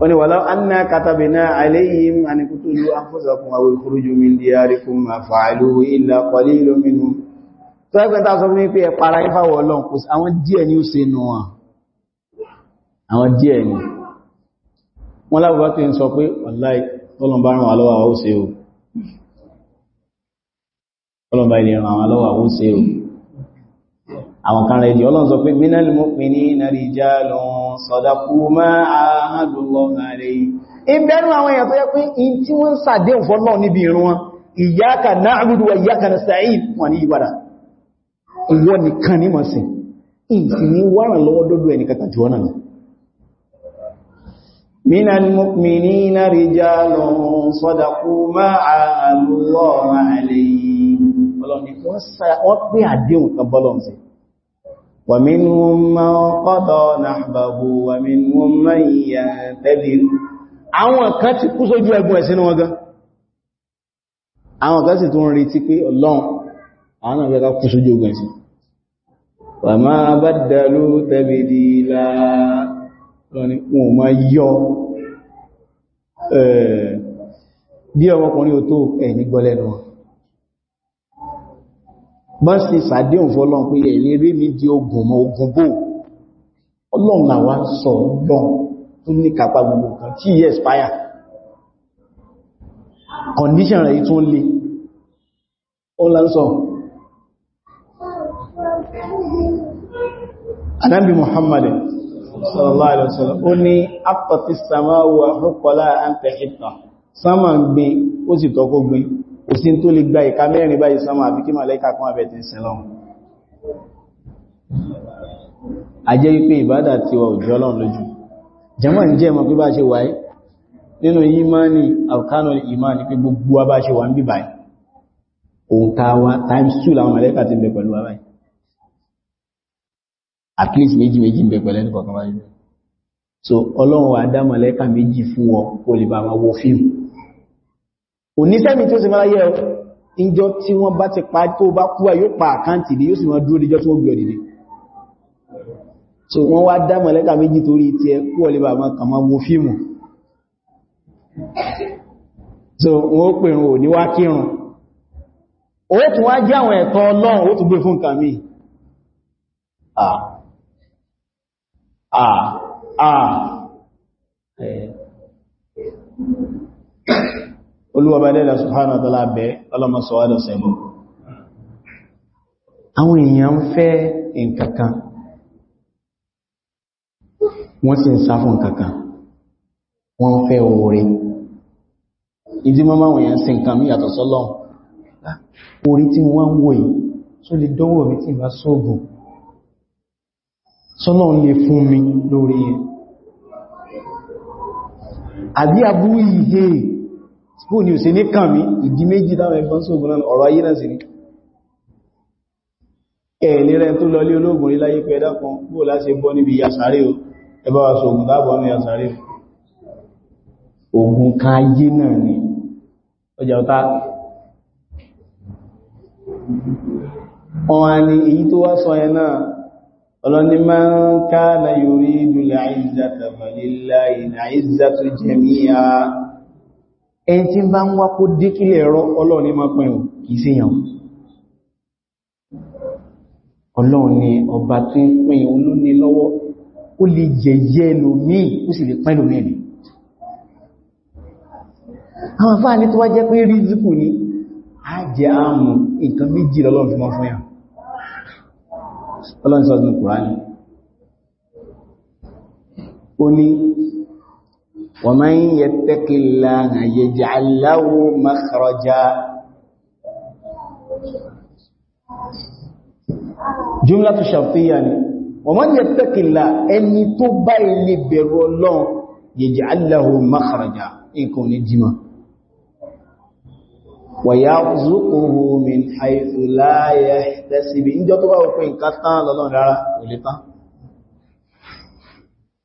wani walau anna katabina alayhim an qutulu anfusakum aw ikhruju min diyarikum ma fa'alu illa qalilun minhum so pé ta sọ mi pé ẹ para yín fa wo Ọlọ́hun kò àwọn díẹ̀ ni ó ṣe nu wọn àwọn díẹ̀ àwọn kan rẹ̀ ọlọ́run sọ pé minal mu'minina rijalun sadaqu ma ahadullahi alayhi ìbẹ̀rù àwọn èèyàn tó yẹ pé in tí wọ́n sàdé òfọ́lọ́ níbi ìrún wọn iyyaka na'budu wa iyyaka nasta'in wọn ní ìbára ìwọ nìkan ní mọ̀ sí ìsì ní wárán lọ́wọ́ dọ́dọ̀ ẹni kàkà jù ọ́nà lọ minal mu'minina rijalun sadaqu àdéhùn kan ومنهم من قضى نحبه ومنهم من ينتظر àwọn kan ti kú sójú ẹ̀gbọ́n ẹ̀sìn ní wọn gan àwọn kan sì tún retí pé Ọlọ́run àwọn náà fẹ́ kú sójú ẹ̀gbọ́n ẹ̀sìn wa ma baddalu tabdila lọ́ni wọn ma yọ má ṣe sàdéhùn fọ́lọ́n pé ẹ̀lẹ́ rí mi di ogun mọ́ ogun bò ọlọ́run làwá sọ lọ́n tó ní gbogbo kan tí yẹ expire condition rẹ̀ tún lè ọlọ́run anábi Muhammad sallallahu ni wasallam ti ní apọ̀tí samáwà rúkọlá gbin ó sì tọ́kó gbin kò sí tó lè gba ìka mẹ́rin báyìí sánmà àbí kí màláíkà kan abẹ̀ ti sin lọ́hun a jẹ́ wípé ìbádà ti wà òjò ọlọ́run lójú jẹ́mọ̀ ń jẹ́ mọ̀ pé bá ṣe wáyé nínú ìmáni alkanul ìmáni pé gbogbo wa bá ṣe wà ń bí báyìí òǹkà wa times two at least méjì méjì ń bẹ pẹ̀lú ẹnì kọ̀ọ̀kan báyìí so ọlọ́run wa dá màláíkà méjì fún ọ kó onísẹ́mi tí ó sì máa yẹ́ ọ ìjọ tí wọ́n bá ti pa tó bá kúwà yóò pa àkáǹtì ní yóò sì máa dúró díjọ́ tí wọ́n gbé ọ̀dìdì so wọ́n wá dá mọ̀lẹ́kà méjì torí ti ẹ kú ọlẹ́ bàbá kàmọ́ wo fíìmù so wọ́n ó pèrún ò níwá kírun ó tún wá jẹ́ àwọn ẹ̀tọ́ ọlọ́run ó tún gbé ah ah ah olúwọba dẹ́dà subhanahu wa ta'ala bẹ́ ọlọ́mọsọ̀wádọ̀ sẹ́bọ̀ àwọn èèyàn fẹ́ nǹkankan wọ́n sì ń sá fún nǹkankan wọ́n fẹ́ oore ìdí mọ́mọ́ àwọn èèyàn sí nǹkan míyàtọ̀ sọ́lọ́ orí tí wọ́n ń wòye tó lè dọ́wọ́ mi tí bá sóògùn sọ́lọ́ lè fún mi lórí ẹ̀ àbí abúrú yìí bó ni ò sí ní kàmí ìdí méjì dáwọn ẹgbọ́n sóògùn náà ọ̀rọ̀ ayé náà sí ní ẹ̀ẹ̀ni rẹ tó lọ lé olóògùn rí láyé pé ẹ̀dá kan bó láṣe bọ́ níbi yasare o ẹbá wa sóògùn ogun ọlọ́ni máa ń ká na yorí dùlẹ̀ àìzàtàmà lílá ìnà àìzàtò ẹni tí bá ń wá kó díkílẹ̀ ẹ̀rọ ọlọ́run ní máa pẹ̀yàn kìí sí yàn ọlọ́run ni ọba tó ń pẹ̀yàn olóní lọ́wọ́ ó lè jẹ̀yẹ́ lòmíì ó sì lè pẹ́ lòmíì ni àwọn afáà ní tó wá jẹ́ pé rízikù ni a jẹ ààmù nǹkan méjì lọ́lọ́run fi máa fún yàn ọlọ́run ومن يتق الله يجعل له مخرجا جملة شرطية ومن يتق الله أن يتبعي لبرولون يجعل له مخرجا يكون الجمع ويرزقه من حيث لا يحتسب إن جاءت بقى وكوين كتان لله رأى ولتان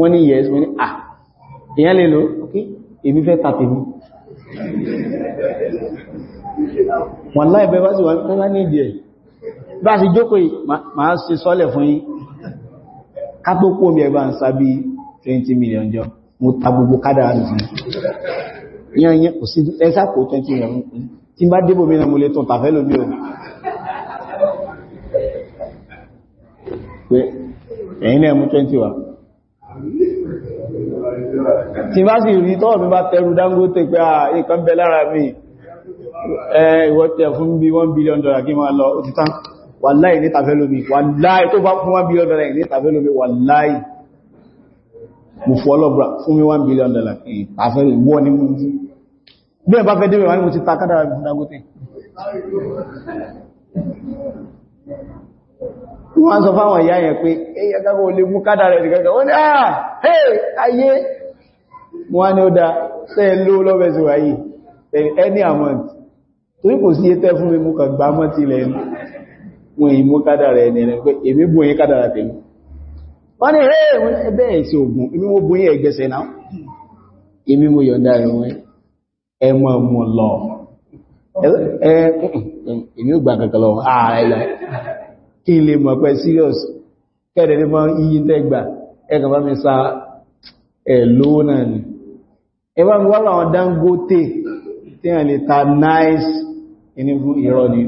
wọ́n ní yes wọ́n ní à èyàn lè lò ok èmi fẹ́ tàtẹ̀ mi wọ́n láì bẹ́ bá sì wọ́n tẹ́lá ní ìdí ẹ̀ bá sì jókòó ma ń ṣe sọ́lẹ̀ fún yín kápópó mi ẹgbà ń sábí 20 million jọ mo ta gbogbo kádàá nù fún yán yán kò sí ẹsà kò 20 million tí bá o pé ẹ̀yìn náà mú 20 wa tí bá sì rí tọ́ọ̀mí bá tẹrù Dangote pé à ah, ìkan bẹ lára mi ìwọ́tẹ̀ fún bí 1 billion dollar kí máa lọ ó ti tán wàláì ní tàfẹ́lómi wàláì tó bá fún 1 billion dollar ní tàfẹ́lómi wàláì mo fọ́ ọlọ́gbà fún mi 1 billion dollar kí tàfẹ́lómi wọ́n ni mo sọ fáwọn ìyá yẹn pé ẹyẹ gágbó olè mú kádàrà ẹ̀dì gẹ́gẹ́ wọ́n ni àà ah, wọ́n á ní ó dá tẹ́ ló lọ́wẹ́sì wáyé any amount torí kò sí tẹ́ fún mi mú kà gbá mọ́ ti lẹ́nu wọ́n yìí mú kádàrà ẹni ẹni pé èmi bù yín kádàrà tèmi wọ́n ní rẹ̀ ẹbẹ́ ẹ̀sì ogun èmi mo bù yín ẹgbẹ́sẹ̀ náà èmi mo yọ̀ǹda ni ẹwà ń wọ́n àwọn Dangote tí a lè ta nice inúgbú ìrọ́ ni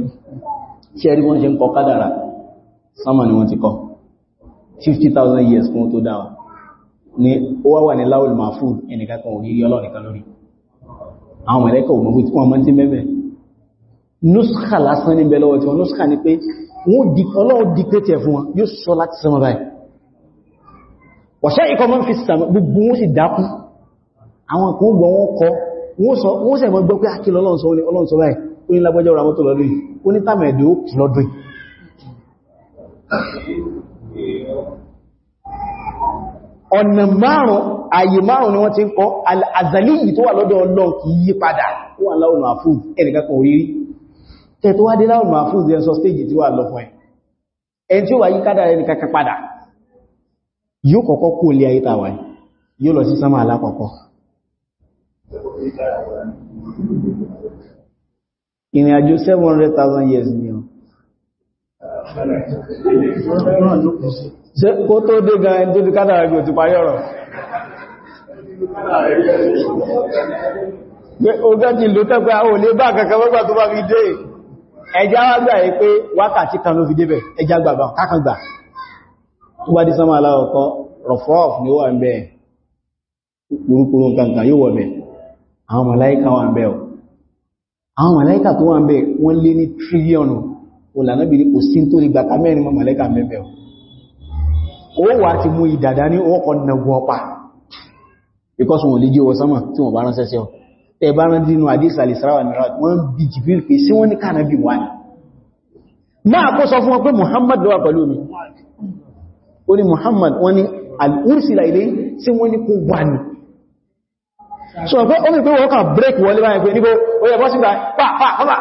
tí ẹ̀rí wọ́n ṣe ń kọ kádàrà sánmà ni wọ́n ti kọ 50,000 years kún tó dáwọn ni ó wá wà ní láwọl mahfud ẹnìkàkan òní ọlọ́nìkan lórí àwọn ẹ̀lẹ́kọ̀ òmòwò tí wọ́n mọ́ tí mẹ́bẹ̀ nuskha lásán ní bẹ̀lọ́wọ́ tí wọ́n nuskha ní pé ọlọ́wọ́ dìpẹ́tẹ̀ fún wọn yóò sọ láti sánmà báyìí wọ̀ṣẹ́ ikọ̀ mọ́ fi sàmà gbogbo wọn sì dákú àwọn kan gbọ́ wọn kọ wọ́n sẹ̀mọ́ gbọ́ pé àkílọ ah, ọlọ́nsọ ọlọ́nsọ báyìí ó ní lágbọ́jọ́ ra mọ́tò lọ́dún ó ní tàmà ẹ̀dẹ̀ ó kì lọ́dún ọ̀nà márùn ayé márùn ni wọ́n ti ń kọ́ àzàlíyì tó wà lọ́dọ̀ ọlọ́ kì í yí padà ó wà láwọn mahfuz ẹnìkankan orírí tẹ tó wá dé láwọn mahfuz yẹn sọ stéjì tí wà lọ fún ẹ ẹni tí ó wà yí kádà ẹnìkankan padà yóò kọ́kọ́ kú ilé ayé tàwà yóò lọ sí sánmà alákọ̀ọ́kọ́ ìrìn àjò 700,000 years ni ọ kó tó dé gan ẹni tó fi kádàrà gbò ti parí ọ̀rọ̀ ọjọ́ ti lò tẹ́pẹ́ àwọn olè bá kankan mọ́gbà tó bá fi dé ẹjá wá gbà yí pé wákàtí kan ló fi débẹ̀ ẹjá gbàgbà kákan gbà tó bá dí sánmà aláwọ̀ kan rọ̀fọ́ọ̀f ni ó wà ń bẹ́ẹ̀ kúrúkúrú kankan yóò wọ̀ bẹ́ẹ̀ àwọn màláíkà wà ń bẹ ọ̀ àwọn màláíkà tó wà ń bẹ wọ́n lé ní tírílíọ̀nù olànàbìnrin kò sí tó lè gbà ká mẹ́rin mọ́ màláíkà mẹ́bẹ̀ ọ̀ ó wà ti mú ìdàdá ní ọkọ̀ nàgbọ́ ọpa because wọn lè jí ọwọ́ sánmà tí wọ́n bá ránṣẹ́ sí ọ ẹ bá rán dínú àdís àlìsára mìíràn wọ́n bí jìbìl pé sí wọ́n ní kànà bí Muhammad lọ́wà pẹ̀lú al-ursila ilé sí wọ́n ní kó wà ní so ọ̀pẹ́ omi pé wọ́n kàn break wọlé e pé níbo ó yẹ bọ́ sí gba pàpà ọmọ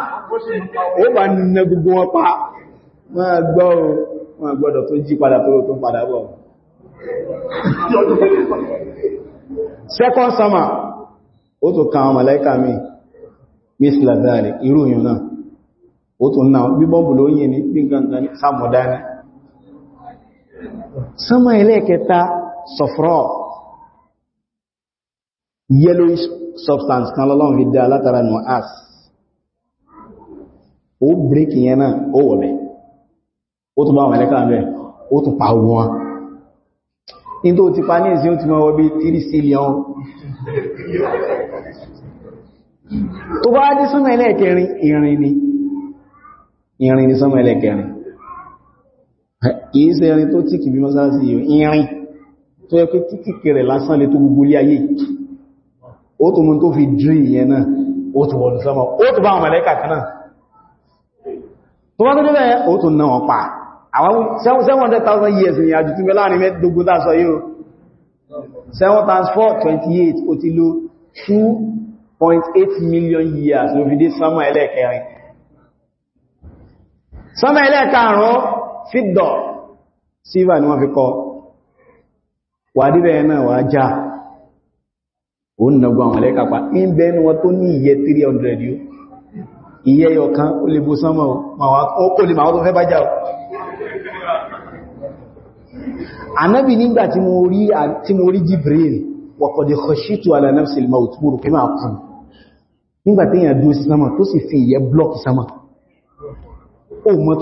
ó wà nínú gbogbo wọn pa máa oh, gbọ́ wọn gbọ́dọ̀ tó jí padà tó tó padà bọ̀ second summer ó tó kan àwọn màláíkà mi miss lazari irú yìí náà ó tó náà bíbọ́bù ló yìí ní gbígbàndán sàmọ̀dá summer ilé kẹta yellowish substance kan lọ́lọ́run fi dá látara nù as ó break yẹn náà ó wọ̀lẹ̀ ó tún bá wọn ẹlẹ́kà rẹ̀ ó tún pa ogun wọn in tó ti pa ní ìsìn tí wọ́n wọ́bí 3 sílíọ̀n tó bá dé sánmà ẹlẹ́kẹrin ìrìn ni ìrìn ni sánmà ẹlẹ́kẹrin kìí ṣe ẹrin tó tíkì bí mọ́sánsì ìrìn tó yẹ pé tíkì rẹ̀ lásán lè tó gbogbo lé ayé ó tó mú tó fi drí ìyẹn náà ó tó wọ̀lú sọ́mọ̀ ó tó bá wọn mẹ́lẹ́kà kan náà tó bá tó dé ó tó ná pa àwọn 700,000 years ni àjò tí mẹ́láàrin mẹ́dógún dáṣọ yóò 7 times 4 28 ó ti lò 2.8 million years ló fi dé sọ́mọ̀ ẹlẹ́kẹrin sọ́mọ̀ ẹlẹ́karùn-ún fídọ̀ sílva ni wọ́n fi kọ wà díbẹ̀ náà wà já ó ń nàgbà àwọn ẹlẹ́kàpá ń bẹ ẹnu wọn tó ní ìyẹ́ 300 yóò ìyẹ́ yọkan ó lè bó sánmọ̀ ó lè máa tó fẹ́ bá já ànábì nígbà tí mo rí Jibril wọ̀kọ̀dẹ̀ khashitu ala nafsi al-maut mo rò pé máa kùn nígbà tí èèyàn dúró sí sánmọ̀ tó sì fi ìyẹ́ blọ́ọ̀kì sánmọ̀ ó mọ́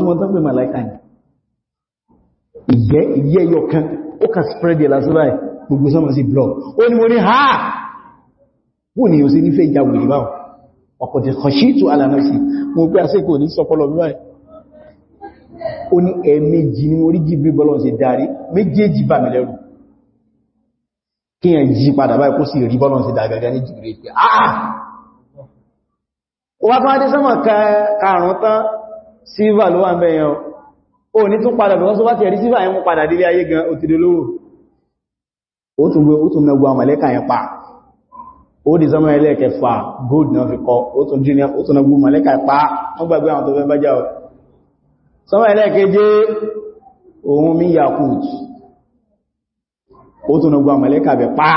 ní mo ní ha bó ni o sí nífẹ́ ìjà wèrè báwọn ọkọ̀dẹ̀ kọ̀ṣítù alànàṣì mo gbé àṣẹ́kò ní sọpọlọ mìíràn ó ní ẹ̀ẹ̀mejì ní orí jíbrí bọ́lọ̀ sí darí méjèèjì bà mí lẹ́rù kí yẹn jí padà báyìí kó sì rí bọ́lọ̀ sí dàgàgà ní jíbrí pé àà ah! ó wá bá dé sọ́mọ̀ karùn-ún tán sílvà ló wà pa ó di zama ilẹ̀ kẹfà gold náà fi kọ ó tún jí ní ó tún agbó mọ̀lẹ́kà ipá wọ́n gbàgbé àwọn tó fẹ́ bájá ọ̀ zama ilẹ̀ keje ohun mi yakut ó tún agbó mọ̀lẹ́kà bẹ̀ pá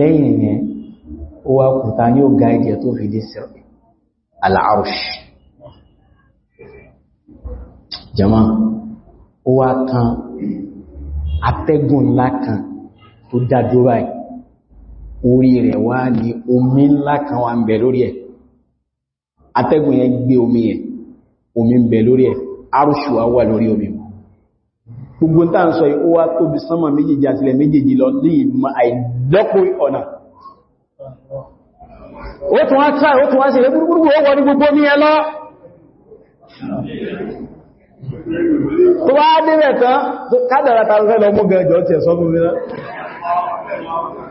lẹ́yìn yẹn ó wá kùta ní ó ga ẹjẹ tó fi dé sẹ́rẹ̀ al'arush orí rẹ̀ wá ní omi ńlá kan wà ń ẹ̀ atẹ́gùn gbé omi ẹ̀ omi ń bẹ lórí ẹ̀ arúṣù wà lórí omi gbogbo tá ń sọ ó wá tóbi sánmà méjèèjì àtìlẹ̀ méjèèjì lọ ní ìmọ̀ àìdọ́pò ọ̀nà ó tún tán kádàrà tàbí fẹ́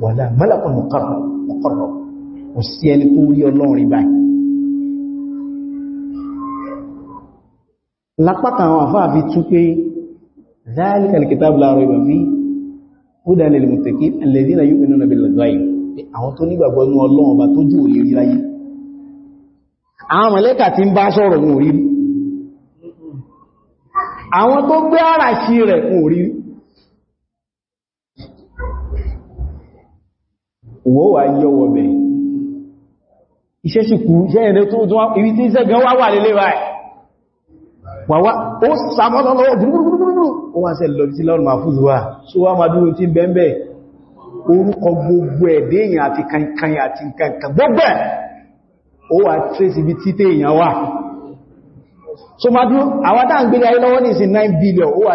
wàlá malakun mọ̀kọ̀rọ̀ kò sí ẹni tó rí ọlọ́run rí báyìí lápákan àwọn àfáà fi tú pé zalikal kitab la rayba fi hudan lil muttaqin alladhina yu'minuna bil ghaib àwọn tó nígbàgbọ́ ní ọlọ́run àwọn tó gbé àràṣí rẹ̀ wọn ò rí wọ́n wà yọwọ̀ bẹ̀ iṣẹ́ sì kú iṣẹ́ ẹ̀rẹ́ tó dún ibi tí iṣẹ́ gan wà wà lè lè ráẹ̀ wàwá ó sàmọ́lọ́lọ́wọ́ gbùrùgbùrùgbùrù ó wá sẹ́ lọ sí lọ́rùn àfúzùwà só wá máa dúró tí bẹ́ẹ̀bẹ́ orúkọ gbogbo ẹ̀dẹ́ èèyàn àti wà trace ibi títẹ́ èèyàn so máa dúró àwádá ń gbélé ayé ó wà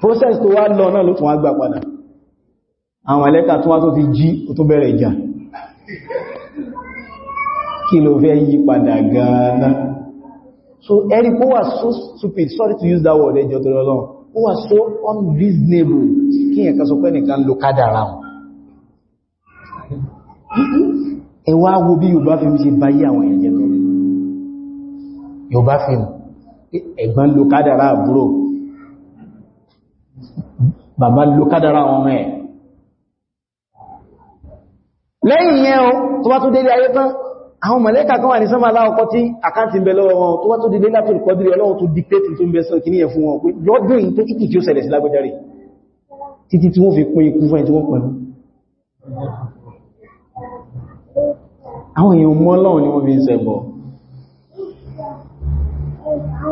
process tó wá lọ náà ló tún wá gbà padà àwọn ẹlẹ́kà tó wá tó fi jí ó tó bẹ̀rẹ̀ ìjà kí ló fẹ́ yí padà gan so ẹni kó wà so stupid sorry to use that word ẹjọ́ tó lọ́lọ́ ó wà so unreasonable kí ẹ̀kà sọ pé nìkan ló kádàrà wọn ẹwà wo bí yóò bá fi mú ṣe báyé àwọn ẹ̀jẹ̀ tó yóò bá fi mú ẹ̀gbọ́n ló àbúrò bàbá ló kádàrà àwọn ọmọ ẹ̀ lẹ́yìn yẹn o tó bá tó délé ayé tán àwọn mọ̀lẹ́kà kan wà ní sánmà aláwọ̀kọ́ tí àkáǹtì ń bẹ lọ́wọ́ wọn tó bá tó délé látò ìkọdírí ọlọ́wọ́ tó dìktétì tó ń bẹ sọ́rọ̀ kìníyàn fún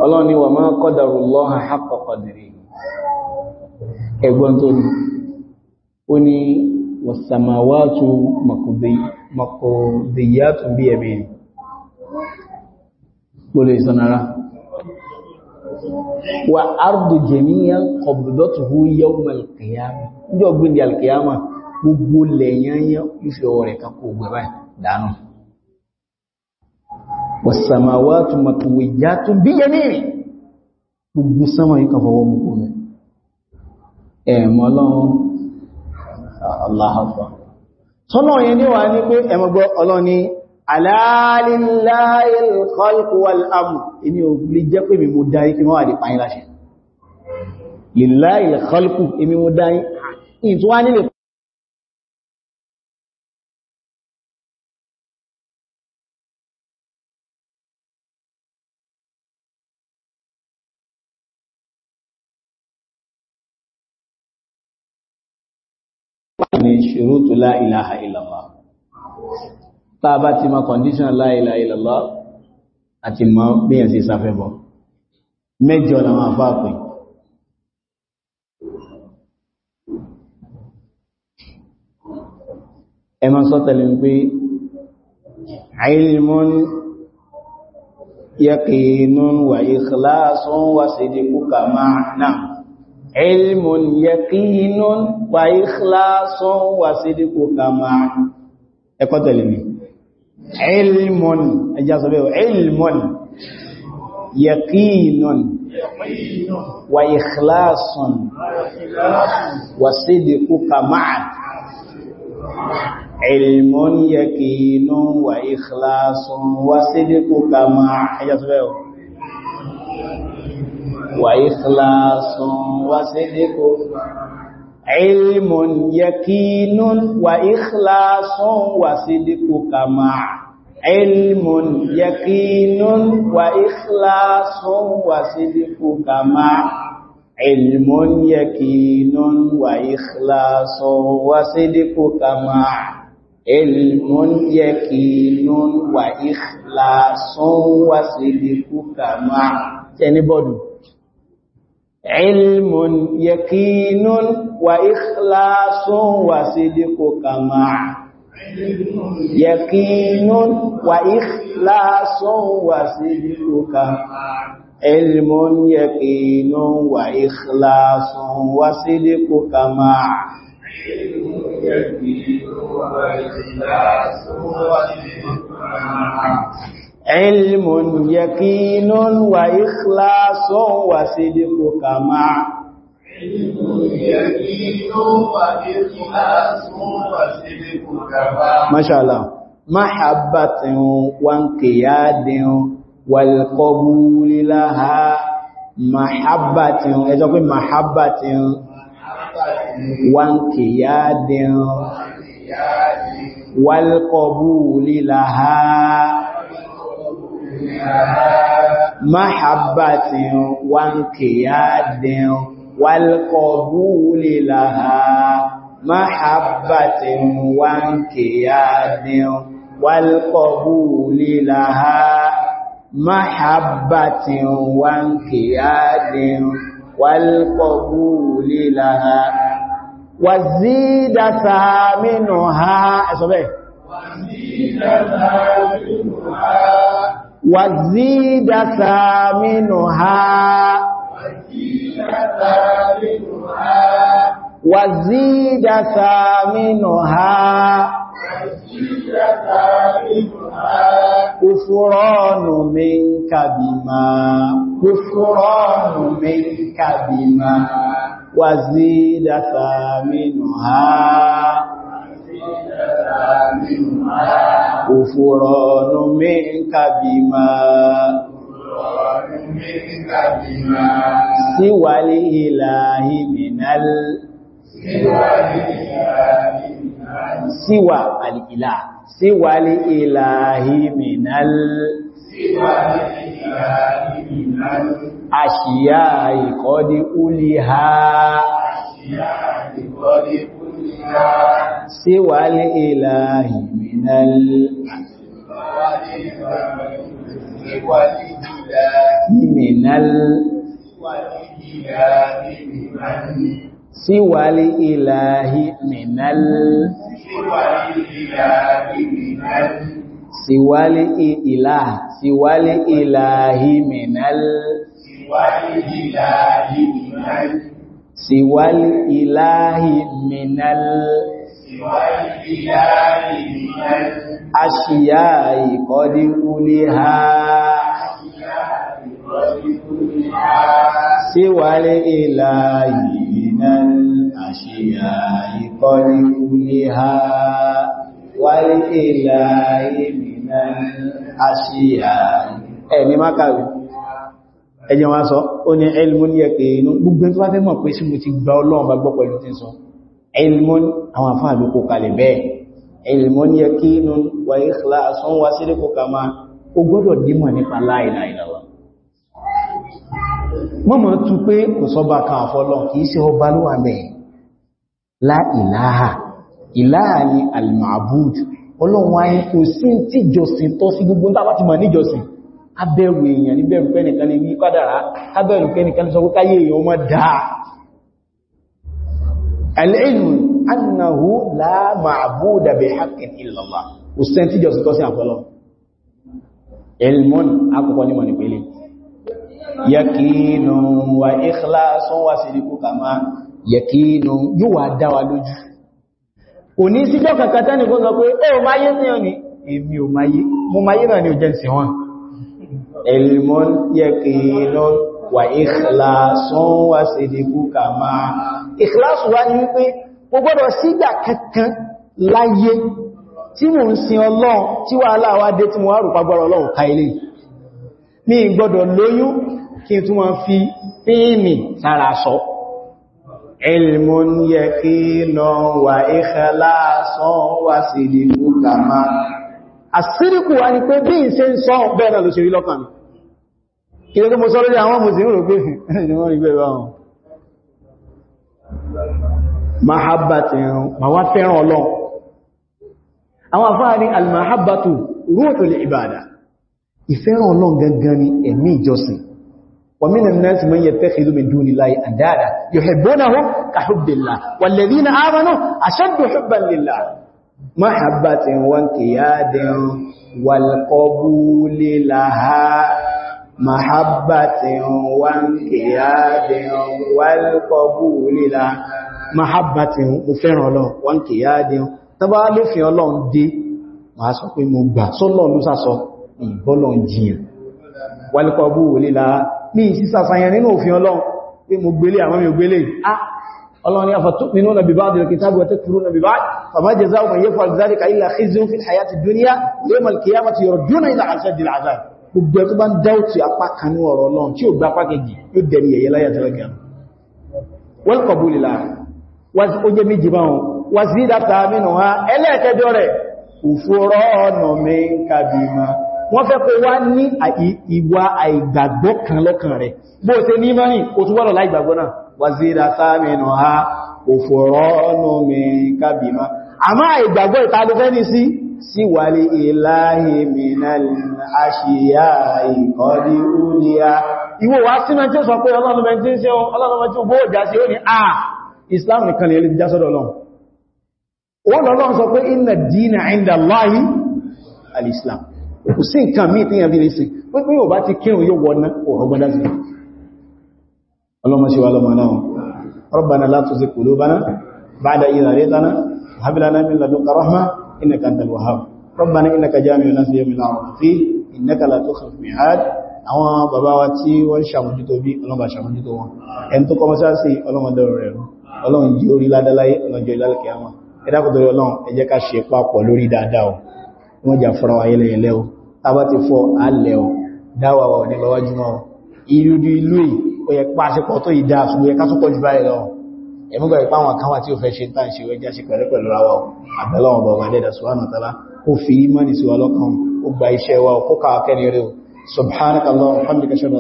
wọn pé wà máa qadarullaha haqqa qadrihi ẹgbọ́n tó ní ó ní wàsàmàwàtú makọ̀dìyàtù bí ẹ̀bẹ̀ gbọ́lé ìsanára wà ardu jẹ̀míyàn kọ̀bùdọ́tùhú yawm al-qiyama níjọ́ gbíndì al-qiyama gbogbo lẹ̀yányán ìfẹ́ ọ̀rẹ̀ kakọ̀ gbẹ̀rẹ̀ dánù wàsàmàwàtú makọ̀dìyàtù bí ẹ̀bẹ̀ gbogbo sama yíkan fọwọ́ mú kò mẹ́ ẹ̀mọ́ lọ́wọ́ aláhọ́fà tọ́lọ̀ yẹn ní wà ní pé ẹmọgbọ́ ọlọ́ni aláàlìláyìn kọlùkù wà láàmù èmi ò lè jẹ́ pé mi ṣurutu la ilaha illallah tá a bá ti mọ condition la ilaha illallah àti mọ bíyàn sí sáfẹ́bọ̀ mẹ́jọ làwọn àfá pè ẹ ma sọ tẹ̀lé pé ilmun yaqinun wa ikhlasun wa sidquka ma'na ilmun yaqinun wa ikhlasun wa sidqu kama ẹ̀kọ́ tẹ̀lé mi ilmun ẹjá sọ bẹ́ẹ̀ ilmun yaqinun wa ikhlasun wa sidqu kama ilmun yaqinun wa ikhlasun wa sidqu kama ẹjá sọ وإخلاص وصدق علم يقين وإخلاص وصدق كما علم يقين وإخلاص وصدق كما علم يقين وإخلاص وصدق كما علم يقين وإخلاص وصدق كما تاني علم يقين وإخلاص وصدق كما يقين وإخلاص وصدق كما علم يقين وإخلاص وصدق كما علم يقين وإخلاص وصدق كما علم يقين وإخلاص وصدق كما علم يقين وإخلاص وصدق كما ما شاء الله محبة وانقياد والقبول لها محبة إذا قلت محبة وانقياد والقبول لها mahabbatin wa qiyadin wal qabuli laha mahabbatin wa qiyadin wal qabuli laha mahabbatin wa qiyadin wal qabuli laha wàzídà sàmínú ha ẹ̀sọ̀bẹ̀ wàzídà sàmínú ha وزيد ثامنها وزيد ثامنها كفران منك بما كفران منك بما وزيد ثامنها غفران منك بما سوى الإله من ال سوى الإله سوى الإله من ال أشياء قد أولها أشياء قد سوى الإله من ال من ال سوى الإله من ال سوى الإله سوى الإله من ال سوى الإله من ال siwal ilahi minal aṣíyá ìkọdíkúlé ha siwal ilahi minal aṣíyá ìkọdíkúlé ha wal ilahi minal aṣíyá ẹni mákàrí ẹjẹ wọn sọ ó ní elmon yẹ pé inú gbogbo tó wá fẹ́ mọ̀ pé sí mo ti gba ọlọ́run bá gbọ́ pẹ̀lú tí sọ elmon àwọn àfáà ló kó kalẹ̀ bẹ́ẹ̀ elmon yẹ kí inú wà ìkìlá asán wá sí lè kó ka máa ó gbọ́dọ̀ dímọ̀ nípa láìláìláwà mọ́mọ̀ tú pé kò abẹ́rù èèyàn ní bẹ̀rù pẹ́nìkan ní kádàrá abẹ́rù pẹ́nìkan sọ wíkáyé èèyàn ọmọ dáa al-ilmu annahu la ma'buda bihaqqin illa Allah òsìn tí jọsìn tọ́sí àpọlọ ilmun akọ̀kọ́ ní mọ̀ nípele yakinu wa ikhlasun wa sidiku kama yakinu yóò wà dáwà lójú kò ilmun yaqinun wà ikhlasun wà sídìkú kàmá ikhlasun wá ní wípé gbogbo sígbà kankan láyé tí mo ń sin ọlọ́run tí wà aláwà dé tí mo wá rùpa gbọ́rọ̀ ọlọ́run ka ilé ní ìgbọ́dọ̀ lóyún kí tún wọ́n fi píìmì sára sọ ilmun yaqinun wà ikhlasun wà sídìkú kàmá àsíríkù wa ni pé bí i ṣe ń sọ bẹ́ẹ̀ náà ló ṣe rí lọ́kàn mi kí ló tó mo sọ lórí àwọn mùsùlùmí rò pé ni wọ́n rí bẹ́ẹ̀ bá wọn mahabbati ma wá fẹ́ràn ọlọ́run àwọn afáà ní almahabbatu ruhul ibada ìfẹ́ràn ọlọ́run mahabbatin wankiyadin walqabuli laha mahabbatin wankiyadin walqabuli laha mahabbatin mo fẹ́ràn ọlọ́run wankiyadin tọba lófin ọlọ́run dé ma sọ pé mo gbà sọ́lọ́ ló sásọ ìbọ́lọ̀ jiyàn walqabuli laha ní ìsísàsàyàn nínú òfin pé mo gbélé àwọn mi ò gbélé ah ọlọ́run ya fatu'minuna bi ba'di al-kitabi wa takfuruna bi ba'd fama jazaa'u man yaf'al dhalika illa khizyun fil hayati dunya wa yawm al-qiyamati yurjuna ila ashaddi al-'adhab gbogbo tó bá ń dáútì apá kan ní ọ̀rọ̀ ọlọ́run tí ó gba apá kejì yóò dẹni ẹ̀yẹ láyà tó lọ́gẹ̀ wal qabuli la ó jẹ́ méjì bá wọn wà sí dáta wọ́n fẹ́ kó wá ní ìwà àìgbàgbọ́ kan lọ́kàn rẹ̀ bó ṣe ní mọ́rin ó tún wọ́n lọ láìgbàgbọ́ náà wàzíra sáàmìnà ha òfòrọ́nù mi kábìmá àmá ìgbàgbọ́ ìtàlùfẹ́ ní sí sí wà ní ìláhì mìíràn àṣìyà ìkọ́dí únìyà ìwò wá sí mẹ́tí ó sọ pé ọlọ́run mẹ́tí ń ṣe ọlọ́run mẹ́tí ó gbóòjá al-Islam kò sí nǹkan míì tí yàn lè sí pé bí yóò bá ti kírun yóò wọ́n náà ọ̀rọ̀gbọ́dá sí اللهم شفي لمناهم ربنا لا تزغ قلوبنا بعد إذ هديتنا وهب لنا من لدنك رحمة إنك أنت الوهاب ربنا إنك جامع الناس ليوم لا ريب فيه إنك لا تخلف الميعاد àwọn bàbá wa tí wọ́n ṣàmójútó bí ọlọ́mà ṣàmójútó wọn ẹni tó kọmọ́sá sí ọlọ́mọdọ́rọ̀ rẹ̀ ọlọ́run jí orí ládáláyé ọlọ́jọ́ ìlàlẹ̀kẹ́ àwọn ẹ̀dàkùtọ̀rọ̀ ọlọ́run ẹ jẹ́ ká ṣe papọ̀ lórí dáadáa wọ́n jà fọ́ra wa yẹ́lẹ̀yẹ̀lẹ́ o tàbá ti fọ́ alẹ́ o dáwà wa ní lọ́wọ́júmọ́ o ìlú ìlú yìí òyẹ pàṣepọ̀ tó ìdá ṣùgbọ́n ẹka tó pọ̀ jù báyìí lọ ẹmúgbà ìpá àwọn kan wà tí ó fẹ́ ṣe tán ṣe wẹ́já ṣe pẹ̀lẹ́ pẹ̀lú ra wa àbẹ̀lọ́wọ̀n bọ̀ wà lẹ́dà subhanahu wa ta'ala kó fi ìmánì sí wa lọ́kàn ó gba iṣẹ́ wa kó ká kẹ́ni rẹ̀ subhanaka allahumma wa hamdika ashhadu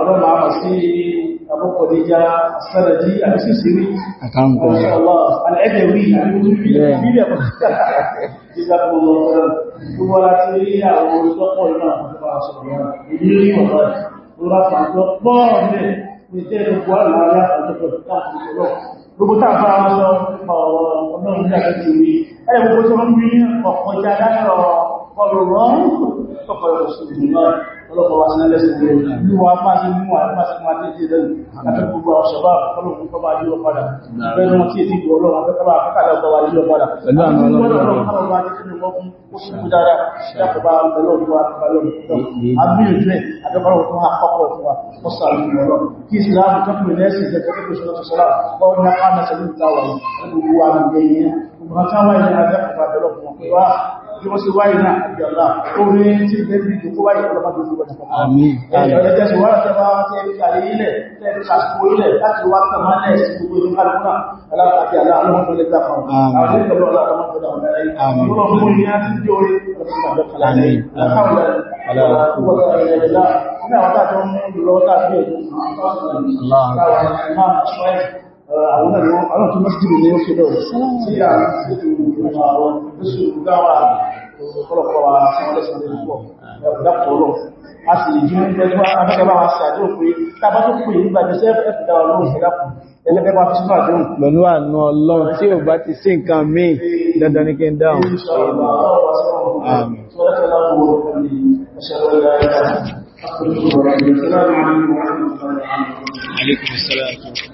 an àmà sí أبو قديجة السردي أبو سيسيري أكام قوي الله العدوي جزاكم الله خيرا هو لا تريد أو يطلق لنا ìrírí ọ̀rọ̀ ìrọ̀lá pàtó pọ́ọ̀lẹ̀ ní tẹ́lẹ̀ gbọ́ lára àtọ́kọ̀ táàkùnlọ́. Gbogbo táà bá wọ́n lọ nípa ọ̀rọ̀ ọlọ́run ní àti orí. Ẹ̀yẹ gbogbo tó ń rí ọ̀pọ̀ jẹ́ adájọ́ ọ̀rọ̀ rọ́rùn tó kọ̀rọ̀ ọlọ́pàá wa sinẹ́ lẹ́sìn lórí bí wọ́n máa ti mú àwọn máa ti mú àti ìdíje lẹ́nu àti gbogbo àwọn ṣọ̀bá ọlọ́pàá tó bá yí lọ padà bẹ́ẹ̀ wọn tí èsì ìwọ̀ ọlọ́run akẹ́kọ̀ọ́ akẹ́kọ̀ọ́ ọlọ́pàá wa yí lọ padà pẹ̀lú àwọn ọlọ́pàá wa ti fi wọ́n tán wáyé ní ajá àgbàdọ̀lọ́ fún wọn pé wá bí wọ́n sí wáyé náà àbí ọ̀lá ó rí tí bẹ́bí ìdókó wáyé ọlọ́pàá tó fún wọn fún wọn ẹ̀yẹ̀jẹ́ sí wọ́n tẹ́bá tẹ́ ìkàrí ilẹ̀ tẹ́ ìkàṣkó ilẹ̀ láti wá tẹ́mánẹ̀ sí gbogbo ìlú kálùkà aláàbí aláàlọ́mọ́ tó lè gbà fún wọn àwọn ìjọba ọlọ́pàá tó dà wọn láyé wọ́n mú ní á ti àwọn tó mọ́sílù ní oṣù lọ sí àwọn oṣù gáwà ọ̀pọ̀lọpọ̀ àwọn ọlọ́sọ̀lẹ̀ pọ̀ lápọ̀lọ̀ a sì jí ní pẹ̀lú agbẹ́gbẹ́ wa sí àjọ́ pé tàbá tó pè nígbà jẹ́ ẹ̀fẹ̀dáwà lóòrùn sí lápù ẹlẹ́gbẹ́gbà fi sínú àjọ́ pẹ̀lú àánú ọlọ́run tí ò bá ti sí nǹkan míì dandan ní kí n dáhùn Alaikum salam.